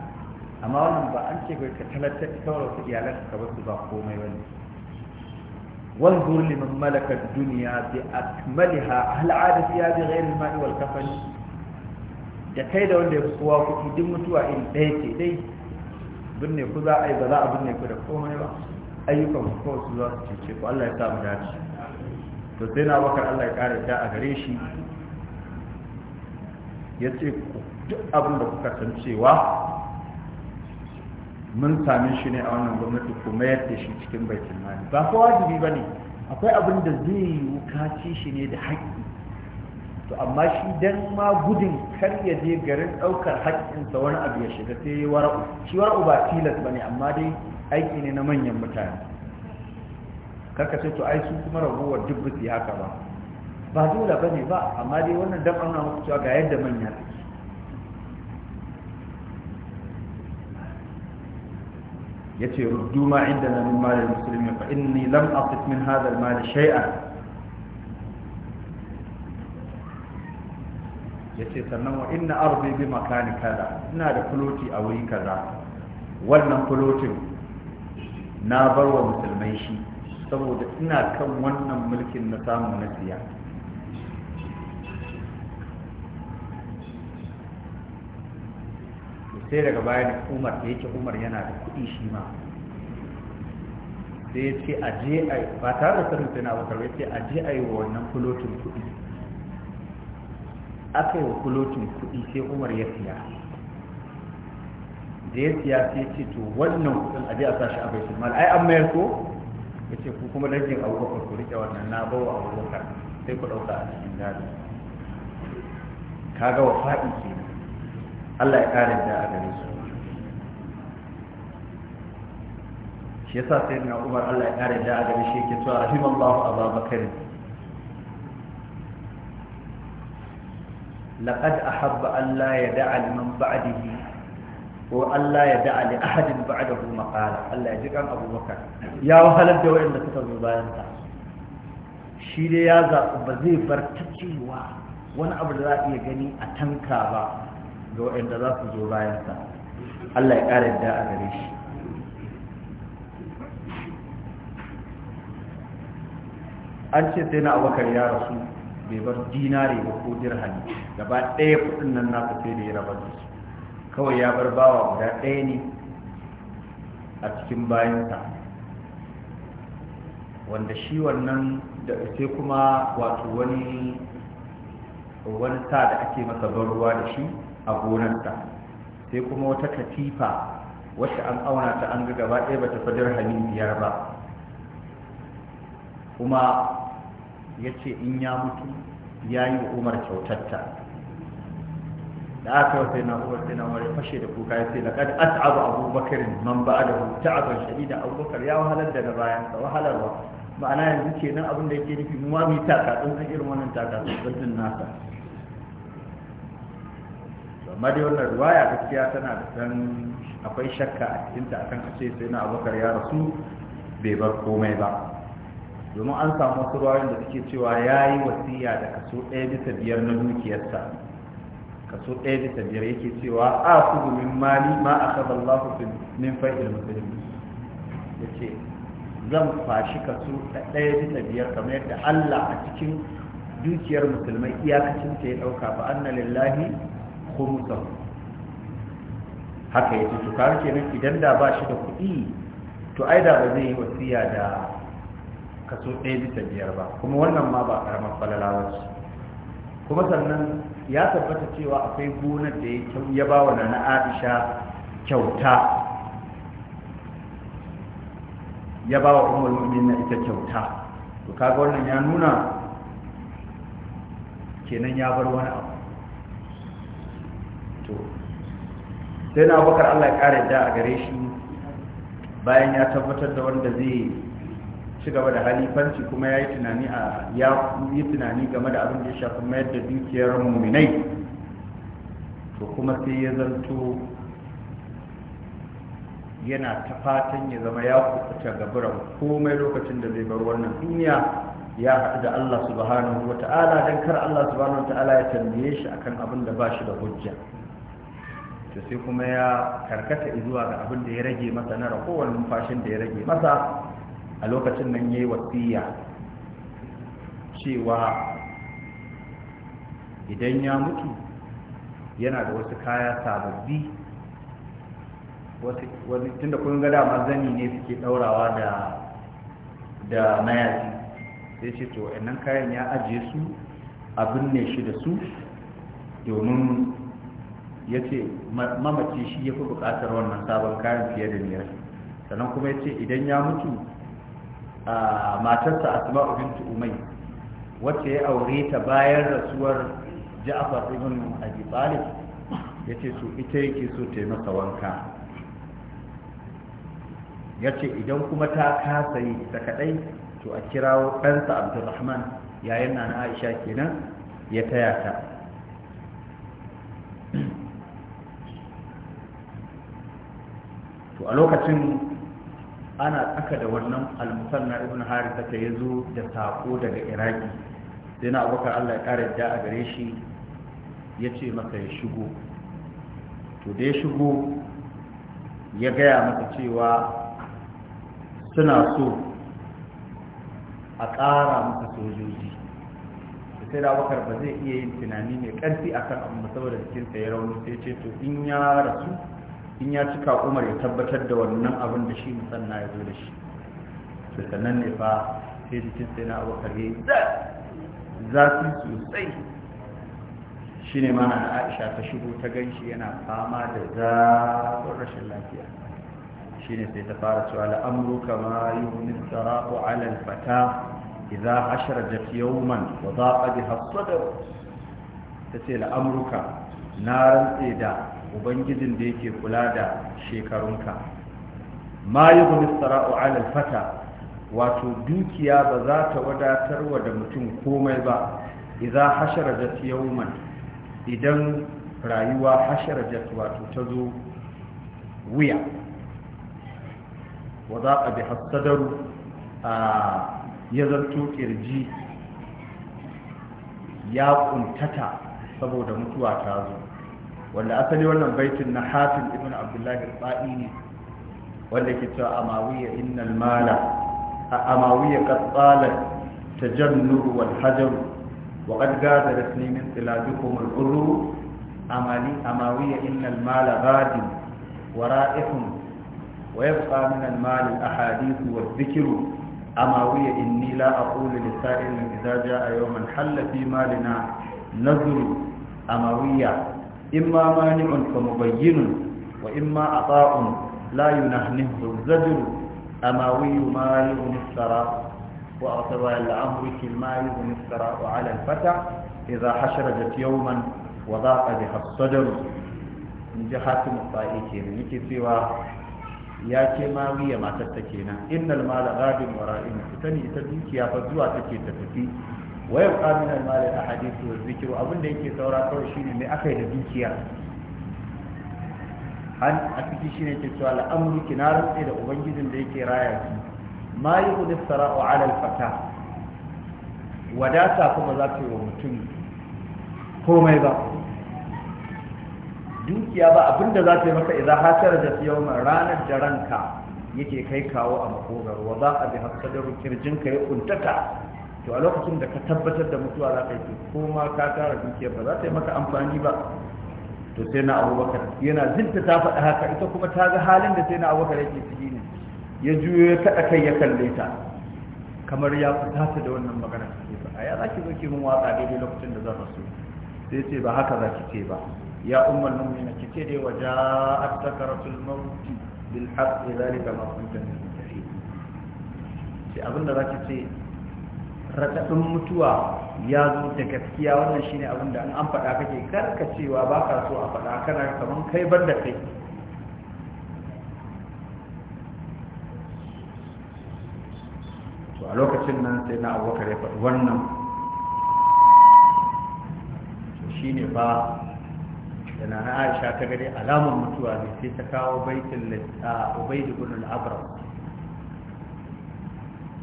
amma wannan ba an ce bai ka talatta kawai wasu iyalanka ka ba su ba komai bane wanzur liman malaka dunya bi akmaliha hal adati ya bi ghairi al-ma'i wal kafani da kai da wanda ya fi kowa kuɗi duk mutuwa in ɗaya ce dai binne ku za a yi ba za a binne ku da komai ba ayyukan ku kawai su za su cece ku Allah ya samu dace to sai na bakar Allah ya ƙara ta a gare shi ya ce duk abin da kuka san cewa mun sami shi ne a wannan gwamnati mayar da shi cikin baitul mali ba kowa wajibi ba ne akwai abin da zai wuka ci shi ne da haƙƙi to amma shi dan ma gudun kar ya je garin daukar haƙƙinsa wani abu ya shiga sai wara'u shi wara'u ba tilas bane amma dai aiki ne na manyan mutane karka ce to ai su kuma ragowar duk bisi haka ba ba dole bane ba amma dai wannan dan an nuna cewa ga yadda manya suke yace ce ma inda na min malin muslimi fa inni lam aqit min hadha al mal shay'an ya ce sannan wa inna arzi bi makani kaza ina da fuloti a wuri kaza wannan fulotin na bar wa musulmai shi saboda ina kan wannan mulkin na samu na siya sai daga bayan umar da yake umar yana da kuɗi shi ma sai ya ce a je a ba tare da sarrafa sai na bakar ya ce a je a yi wa wannan fulotin kuɗi aka yi wa kulotin kuɗi sai umar ya siya da ya siya sai ce to wannan kuɗin a a sashi a bai su mal ai an mayar ko ya ce ku kuma dangin abubakar ku riƙe wannan na bawa abubakar sai ku ɗauka a cikin gari kaga wa faɗi ke Allah ya kare da a gare su shi yasa sai na umar Allah ya kare da a gare shi yake cewa rahimallahu abubakar لقد أحب أن لا يدع لمن بعده وأن لا يدع لأحد بعده مقالة ألا يجيك عن أبو بكر يا وهل أنت وإن كتب مبارك shi dai ya zaɓi ba zai bar ta cewa wani abu da za a iya gani a tanka ba ga waɗanda za su zo bayansa Allah ya ƙara a gare shi an ce na ya rasu bai bar dinare ba ko dirhami gaba ɗaya kuɗin nan na nasa sai da ya rabar su kawai ya bar bawa guda ɗaya ne a cikin bayansa wanda shi wannan da sai kuma wato wani sa da ake masa ban ruwa da shi a gonanta sai kuma wata katifa wacce an auna ta an ga gaba ɗaya ba ta fi dirhami biyar ba kuma ya ce in ya mutu ya yi wa umar kyautatta da aka wasu sai na umar sai na umar ya fashe da kuka ya ce a ta'abu abubakar man ba da hutu a da abubakar ya wahalar da na bayan sa wahalarwa ma'ana yanzu ke nan abin da yake nufi muwa ma mu yi takatsun kan irin wannan takatsun sun nasa amma dai wannan ruwaya gaskiya tana da san akwai shakka a cikinta akan a ce sai na abubakar ya rasu bai bar komai ba domin an samu wasu ruwayoyin da suke cewa ya yi wasiya da kaso ɗaya bisa biyar na dukiyarsa kaso ɗaya bisa biyar yake cewa a kudu min mali ma a kaza Allah min fa'il musulmi ya ce zan fashi kaso ɗaya bisa biyar kamar yadda Allah a cikin dukiyar musulmai iyakacin ta ya ɗauka ba anna lillahi khumsahu haka ya ce to kenan idan da ba shi da kuɗi to ai da ba zai yi wasiya da kaso ɗaya bisa biyar ba kuma wannan ma ba ƙaramar ba ce kuma sannan ya tabbata cewa akwai gonar da ya ba wa na aisha kyauta ya ba wa umar na ita kyauta to kaga wannan ya nuna kenan ya bar wani abu to sai na bakar allah ya ƙara da a gare shi bayan ya tabbatar da wanda zai ci gaba da halifanci kuma ya yi tunani a ya yi tunani game da abin da ya shafi mayar da dukiyar muminai to kuma sai ya zanto yana ta fatan ya zama ya kukuta gaburan komai lokacin da zai bar wannan duniya ya haɗu da Allah subhanahu wa ta'ala don kar Allah subhanahu wa ta'ala ya tambaye shi akan abin da ba shi da hujja to sai kuma ya karkata zuwa ga abin da ya rage masa na rakowar numfashin da ya rage masa a lokacin nan ya yi wasiya cewa idan ya mutu yana da wasu kaya sababbi tunda kun ga dama zani ne suke daurawa da da mayafi sai ce to wannan kayan ya ajiye su a binne shi da su domin ya ce mamaci shi ya fi bukatar wannan sabon kayan fiye da niyar sannan kuma ya ce idan ya mutu a matarsa asma'u bintu umay wacce ya aure ta bayan rasuwar ja'far ibn abi talib yace to ita yake so ta yi masa wanka yace idan kuma ta kasa yi ta kadai to a kirawo ɗansa abdurrahman yayin na aisha kenan ya taya ta to a lokacin ana tsaka da wannan na ibn harisa ta yazo da sako daga iraki sai na abokan allah ya kara da a gare shi ya ce masa ya shigo to da ya shigo ya gaya maka cewa suna so a ƙara maka sojoji da sai da ba zai iya yin tunani mai ƙarfi akan abu saboda jikinsa ya rauni sai ce to in ya rasu in ya cika umar ya tabbatar da wannan abin da shi musanna ya zo da shi to sannan ne fa sai jikin sai na abu kare zafi sosai shi ne mana na aisha ta shigo ta gan shi yana fama da zafin rashin lafiya shi ne sai ta fara cewa al'amuru kama yi wani tsara'u alal fata idza ashrajat yawman wa daqa biha Ta ce la'amruka na rantse da ubangijin da yake kula da shekarunka ma yi sara'u alal fata wato dukiya ba za ta wadatarwa da mutum komai ba idan hashara da yawman idan rayuwa hashara da wato ta zo wuya wa za a bi hassadaru a ya zarto kirji ya kuntata saboda mutuwa ta zo wanda asali wannan baitin na hafin ibn abdullahi al-ba'i ne wanda ke cewa amawiya innal mala a amawiya qad talat tajannuru wal hajar wa qad Gada da min tilabikum al-urru amali amawiya innal mala ghadin wara'ihum wa yabqa min al-mal al-ahadith wal-dhikr amawiya inni la aqulu lisa'ilin idza jaa yawman halla fi malina nazru amawiya imma mani'un fa mubayyinun wa imma ata'un la yunahnihu zajr amawi ma yughni sara wa atwa al-amru kil ma yughni sara wa 'ala al-fata idha hasharajat yawman wa daqa biha as-sadr in ji hatimu sa'i kenan yake cewa ya ce ma wiya matar ta kenan innal mala ghadin wara'in ita ita dukiya fa zuwa take ta tafi wayan aminan mali a hadisu wa zikiru abinda yake saura kawai shine mai aka yi da dukiya an a shi shine ke cewa al'amuru kinarin rantse da ubangijin da yake raya ki ma yi kudu sara'u ala fata wadata kuma za ta yi wa mutum komai ba dukiya ba abinda za ta yi maka idan hasar da fiye ranar jaranka yake kai kawo a makogaro wa za a bi hasadar kirjinka ya kuntata to a lokacin da ka tabbatar da mutuwa za ka yi ko ma ka tara dukiyar ba za ta yi maka amfani ba to sai na abubakar yana zinta ta faɗa haka ita kuma ta ga halin da sai na abubakar yake ciki ne ya juyo ya kaɗa kai ya kalle ta kamar ya fita ta da wannan magana a ya za ki zo ki min watsa daidai lokacin da ka so. sai ce ba haka za ki ce ba ya ummul mu'mina ki ce dai waja'at sakaratul maut bil haqqi zalika ma kuntum tafi sai abinda za ki ce raɗaɗin mutuwa ya zo da gaskiya wannan shine abin da an faɗa kake karkacewa ba ka so a faɗa kana kamar kai ban da kai to a lokacin nan sai na abubakar ya faɗi wannan shi ne ba da na aisha ta gari alamun mutuwa ne sai ta kawo baitin ubaidu gudun abram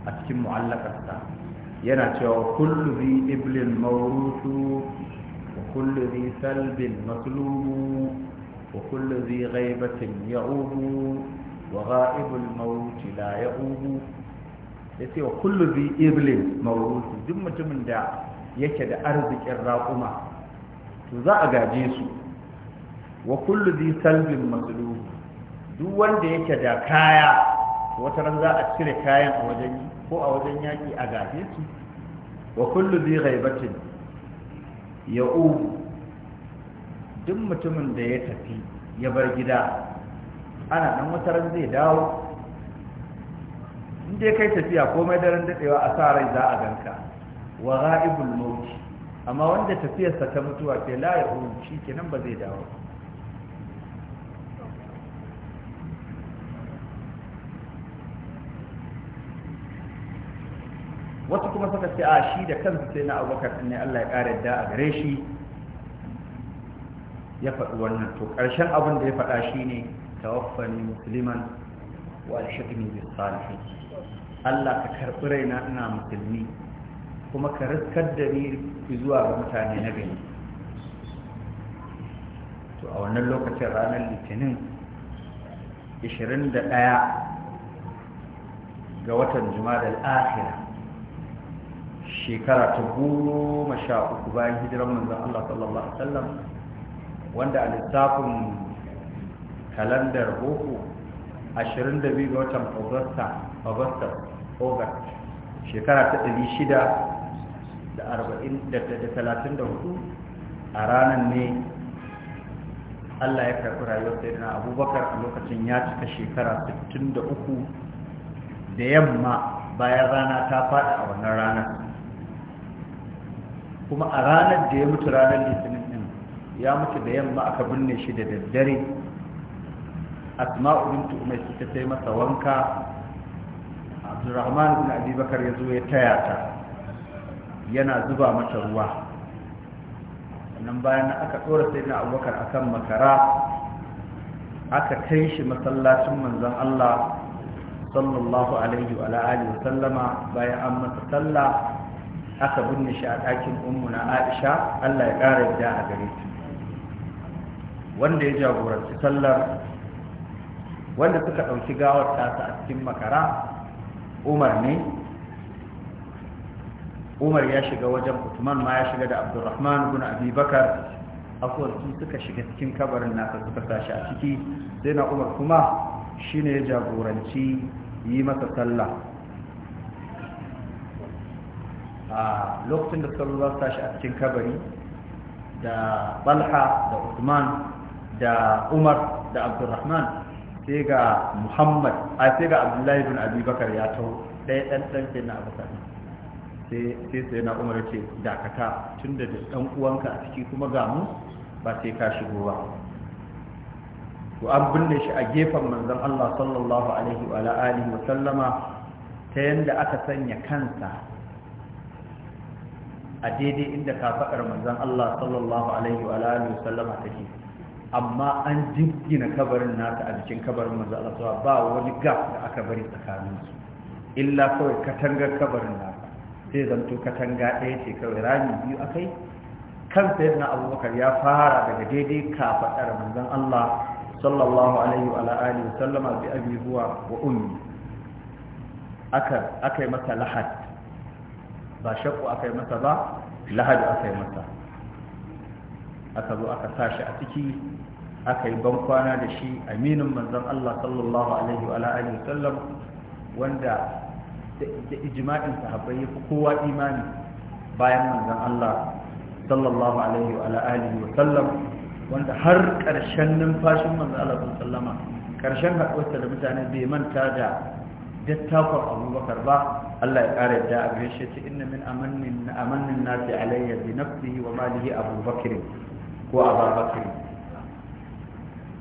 a cikin mu'allakarsa yana cewa kullu zi iblin mawrutu wa kullu zi salbin maslumu wa kullu zi ghaibatin ya'ubu wa ghaibul mawuti la ya'ubu yace wa kullu zi iblin mawrutu duk mutumin da yake da arzikin raƙuma to za a gaje su wa kullu zi salbin maslumu duk wanda yake da kaya wata ran za a cire kayan a wajen yi. ko a wajen yaki a gafe su wa kullu bi ghaibatin ya duk mutumin da ya tafi ya bar gida ana ɗan ran zai dawo in dai kai tafiya komai daren daɗewa a sa rai za a ganka wa ra'ibul mauti amma wanda tafiyarsa ta mutuwa ke la ya shi kenan ba zai dawo ba wasu kuma suka ce a shi da kansu sai na abubakar ne allah ya ƙara yadda a gare shi ya faɗi wannan to ƙarshen abin da ya faɗa shi ne tawaffani musulman wa alhaƙini bi salihin allah ka karɓi raina ina musulmi kuma ka riskar da ni zuwa ga mutane na gani to a wannan lokacin ranar litinin 21 ga watan juma'a da al'ahira shekara ta goma sha uku bayan hijiran manzan Allah sallallahu Alaihi wasallam wanda a littafin kalandar boko 22 ga watan augusta augusta august shekara ta 634 a ranar ne Allah ya karɓi rayuwar sai na abubakar a lokacin ya cika shekara 63 da yamma bayan rana ta faɗi a wannan ranar kuma a ranar da ya mutu ranar litinin din ya mutu da yamma aka binne shi da daddare asma'u bintu umais ta sai masa wanka abdurrahman bin abi bakar ya zo ya taya ta yana zuba mata ruwa nan bayan aka tsora sai na abubakar akan makara aka kai shi masallacin manzon Allah sallallahu alaihi wa alihi wa sallama bayan an masa sallah aka binne shi a ɗakin ummuna aisha allah ya ƙara yadda a gare ta wanda ya jagoranci sallar wanda suka ɗauki gawar tasa a cikin makara umar ne umar ya shiga wajen uthman ma ya shiga da abdurrahman bin abubakar bakar suka shiga cikin kabarin nasa suka sashi a ciki sai na umar kuma shine ya jagoranci yi masa sallah a lokacin da suka za su tashi a cikin kabari da balha da usman da umar da Abdulrahman sai ga muhammad a sai ga abdullahi bin abubakar ya tau ɗaya ɗan ɗan ke na abubakar sai sai na umar ce dakata tun da ɗan uwanka a ciki kuma ga mu ba sai ka shigo ba ku an binne shi a gefen manzon Allah sallallahu alaihi wa alihi wa sallama ta yanda aka sanya kansa a daidai inda kafaɗar manzon Allah sallallahu alaihi wa alihi wasallama take amma an jingina kabarin nata a jikin kabarin manzon Allah zuwa ba wani gap da aka bari tsakanin su illa kawai katangar kabarin nata sai zanto katanga ɗaya ce kawai rami biyu akai kan na abubakar ya fara daga daidai kafaɗar manzon Allah sallallahu alaihi wa alihi wasallama bi abi wa ummi aka aka yi masa lahadi. ba shakku aka yi masa ba lahadu aka yi masa aka zo aka sa shi a ciki aka yi bankwana da shi aminin manzon Allah sallallahu alaihi wa alihi wasallam wanda da ijma'in sahabbai ya fi kowa imani bayan manzon Allah sallallahu alaihi wa alihi wasallam wanda har ƙarshen numfashin manzon Allah sallallahu alaihi wa sallama karshen haɗuwarsa da mutane bai manta da dattakon abubakar ba Allah ya ƙara yadda a gare shi ce inna min amannin nasi alayya bi nafsihi wa malihi abubakar ko ababakar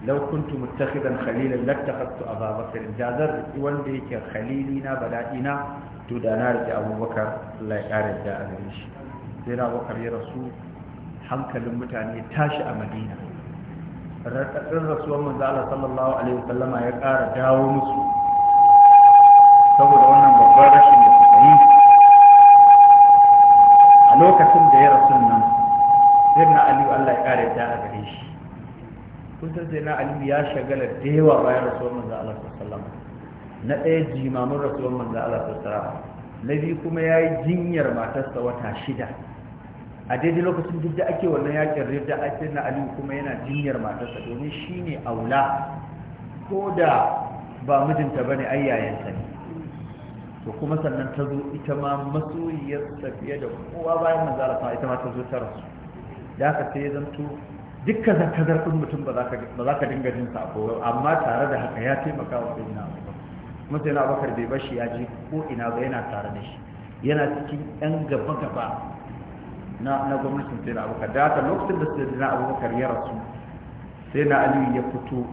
law kuntu muttakhidan khalilan lattakhadtu ababakar jazar wanda yake khalili na bada'ina to da na rike abubakar Allah ya ƙara yadda a gare shi sai na abubakar ya rasu hankalin mutane tashi a madina raɗaɗin rasuwar manzo sallallahu alaihi wasallama ya ƙara dawo musu saboda wannan babban rashin da suka yi a lokacin da ya rasu nan sai na aliyu allah ya kare ta a gare shi kusan sai na aliyu ya shagala da yawa bayan rasuwar manzo allah sallallahu na ɗaya jimamin rasuwar manzo allah sallallahu na biyu kuma ya yi jinyar matarsa wata shida a daidai lokacin duk da ake wannan yakin rida a na aliyu kuma yana jinyar matarsa domin shine aula ko da ba mijinta ba ne ayyayenta ne to kuma sannan ta zo ita ma masoyiyar tafiye da kowa bayan manzara sa ita ma ta zo ta rasu da ka sai ya zanto dukkan kazar ɗin mutum ba za ka dinga jin sa ko amma tare da haka ya taimaka wa na abubakar kuma sai na abubakar bai bashi ya ji ko ina ba yana tare da shi yana cikin yan gaba gaba na na gwamnatin na abubakar da haka lokacin da na abubakar ya rasu sai na aliyu ya fito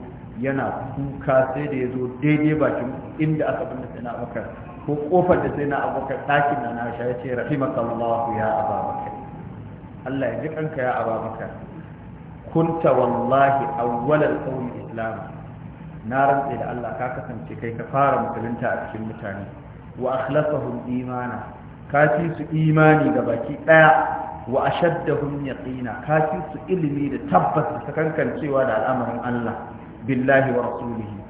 yana kuka sai da ya zo daidai bakin inda aka sai na abubakar ko kofar da sai na abokan ɗakin na na ya ce rahimakallahu ya ababakar Allah ya ji kanka ya ababakar kunta wallahi awwalal qawmi islam na rantse da Allah ka kasance kai ka fara musulunta a cikin mutane wa akhlasahum imana ka ci su imani ga baki daya wa ashaddahum yaqina ka ci su ilimi da tabbas da sakankan cewa da al'amarin Allah billahi wa rasulihi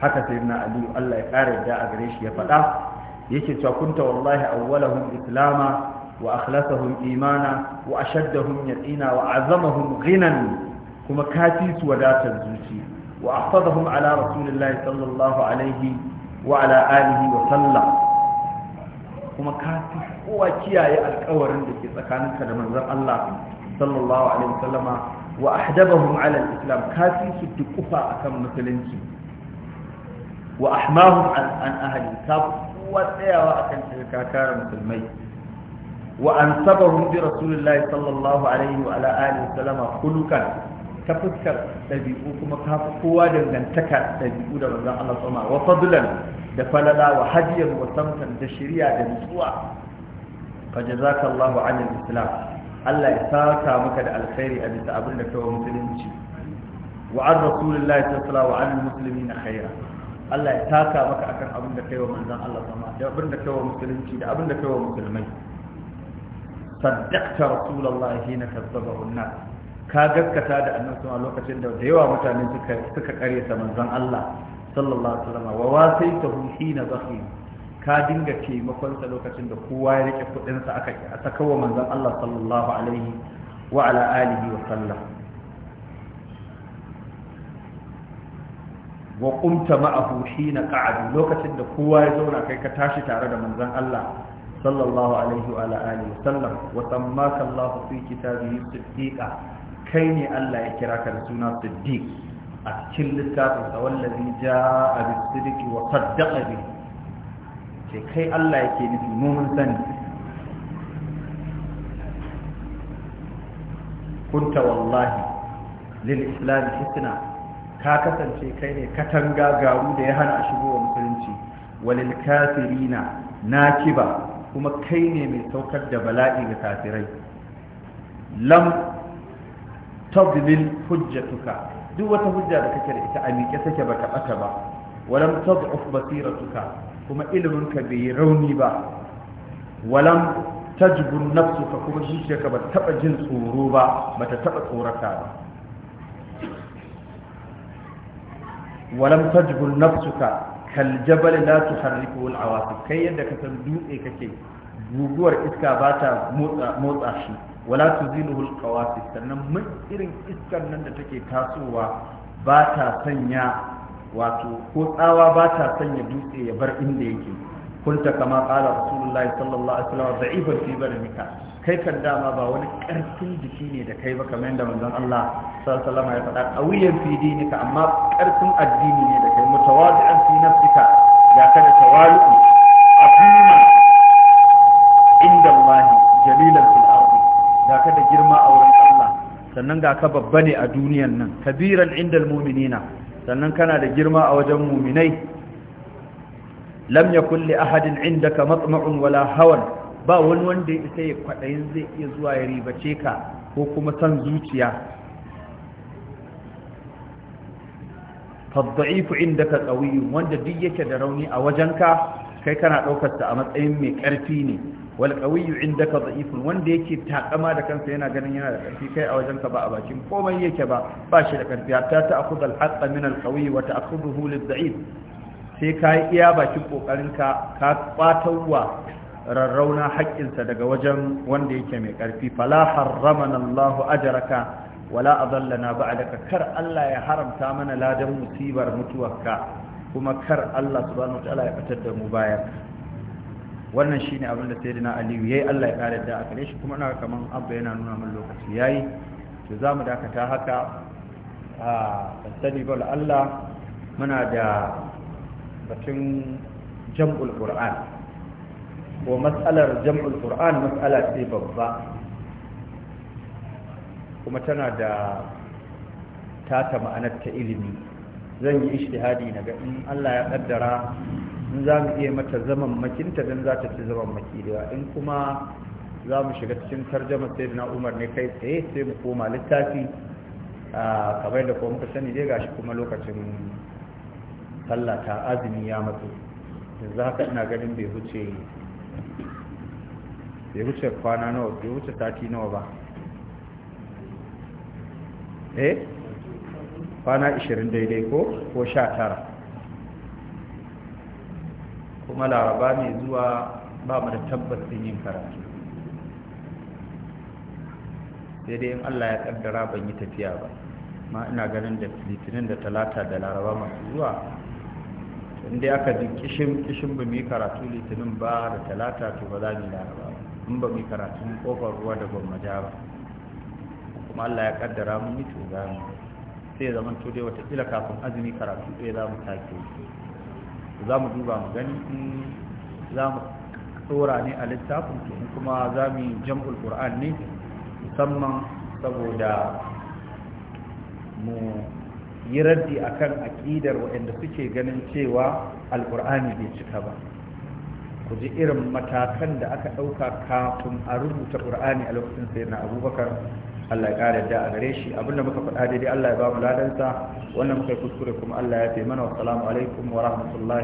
haka sai na aliyu allah ya ƙara yadda a gare shi ya faɗa yake cewa kunta wallahi awwalahum islama wa akhlasahum imana wa ashaddahum yaqina wa azamahum ghinan kuma kafi su wadatar zuci wa ahfadahum ala rasulillahi sallallahu alaihi wa ala alihi wa sallam kuma kafi kowa kiyaye alkawarin da ke tsakaninka da manzon Allah sallallahu alaihi wa sallama wa ahdabahum ala al-islam kafi su dukufa akan musulunci wa ahmahum an ahli ka kuwa tsayawa akan cewa ka kare musulmai wa ansabahum bi rasulillahi sallallahu alaihi wa ala alihi wa sallama khuluqan ta fuskar dabi'u kuma ka kowa dangantaka dabi'u da manzon Allah sama wa fadlan da falala wa hadiyan wa samtan da shari'a da nutsuwa fa jazakallahu an al-islam Allah ya saka maka da alkhairi a bisa abin da kawai musulunci wa an rasulillahi sallallahu alaihi wa ala alihi wa sallama khairan Allah ya taka maka akan abin da kai wa Manzan Allah sama da abin da kai wa musulunci da abin da kai wa musulmai saddaqta rasulullahi hina kazzaba unna. ka gaskata da annabi a lokacin da da yawa mutane suka suka kare sa Manzan Allah sallallahu alaihi wasallam wa wasaita wasaitahu hina bakhil ka dinga taimakon sa lokacin da kowa ya rike kudin sa aka sakawa Manzan Allah sallallahu alaihi wa ala alihi wa sallam wa qumta ma'ahu hina qa'ad lokacin da kowa ya zauna kai ka tashi tare da manzon Allah sallallahu alaihi wa alihi wasallam wa sammaka Allah fi kitabihi siddiqa kai ne Allah ya kira ka da suna siddiq a cikin littafin sa wallazi jaa bis siddiqi wa saddaqa bi ce kai Allah yake nufi mu mun sani kunta wallahi lil islam hisna ka kasance kai ne katanga garu da ya hana a shigowa musulunci walil kafirina nakiba kuma kai ne mai saukar da bala'i ga kafirai lam tadlil hujjatuka duk wata hujja da kake da ita a miƙe take baka bata ba walam tad'uf basiratuka kuma ilimin ka bai rauni ba walam tajbun nafsuka kuma zuciyarka ba taba jin tsoro ba bata taba tsorata ba walam tajbur nafsuka kal jabal la tuharriku al awasif kai yadda ka san dutse kake guguwar iska ba ta motsa shi wala tuziluhu al qawasif sannan mun irin iskar nan da take tasowa ba ta sanya wato ko tsawa ba ta sanya dutse ya bar inda yake kunta kama qala rasulullahi sallallahu alaihi wasallam da'ifan fi badnika kai kan dama ba wani karfin jiki ne da kai ba kamar da manzon Allah sallallahu alaihi wasallam ya faɗa qawiyan fi dinika amma karfin addini ne da kai mutawadi'an fi nafsika ga ka da tawalu azima inda Allah jalilan fil ardi ga ka da girma a wurin Allah sannan ga ka babba ne a duniyar nan kabiran indal mu'minina sannan kana da girma a wajen mu'minai lam ya kulle ahadin indaka matma'un wala hawan ba wani wanda ya isa ya kwadayin zai iya zuwa ya ribace ka ko kuma san zuciya fadda'ifu indaka qawiyyun wanda duk yake da rauni a wajenka kai kana daukar a matsayin mai karfi ne wal qawiyyu indaka da'ifun wanda yake takama da kansa yana ganin yana da karfi kai a wajenka ba a bakin komai yake ba ba shi da karfi hatta ta'khudha al-haqqa min al-qawi wa ta'khudhuhu lid-da'if sai ka yi iya bakin kokarin ka ka ƙwatarwa rarrauna haƙƙinsa daga wajen wanda yake mai ƙarfi fala harraman Allahu ajaraka wala adallana ba'daka kar Allah ya haramta mana ladan musibar mutuwarka kuma kar Allah subhanahu wataala ya fitar da mu bayan wannan shine abin da sayyidina Aliyu yayi Allah ya kare da akare shi kuma ina kaman abba yana nuna min lokaci yayi to zamu dakata haka a ah, sani bal Allah muna da batun jam'ul qur'an ko matsalar jam'ul qur'an matsala ce babba kuma tana da tata ma'anar ta ilimi zan yi ishtihadi na ga in Allah ya kaddara in za mu iya mata zaman makinta don za ta ci zaman maki in kuma za mu shiga cikin tarjama sai na umar ne kai tsaye sai mu koma littafi a ah, kamar da kuma muka sani dai gashi kuma lokacin sallah ta azumi ya matsu yanzu haka ina ganin bai huce bai huce kwana nawa bai huce sati nawa ba eh kwana 20 daidai ko ko 19 kuma laraba ne zuwa ba mu da tabbacin yin karatu sai dai in Allah ya kaddara ban yi tafiya ba ma ina ganin da litinin da talata da laraba masu zuwa in dai aka ji kishin kishin ba mu karatu litinin ba da talata to ba za mu laraba in ba mu karatun kofar ruwa da gwammaja ba kuma allah ya kaddara mun yi to za mu sai zaman to dai watakila kafin azumi karatu dai za mu take za mu duba mu gani in za mu tsora ne a littafin to kuma za mu yi jam'ul qur'an ne musamman saboda mu yi raddi a kan aƙidar waɗanda suke ganin cewa alƙur'ani bai cika ba ku ji irin matakan da aka ɗauka kafin a rubuta ƙur'ani a lokacin sai na abubakar Allah ya ƙara da a gare shi abinda muka faɗa daidai Allah ya ba mu ladansa wannan muka yi kuskure kuma Allah ya fi mana wa salamu alaikum wa rahmatullahi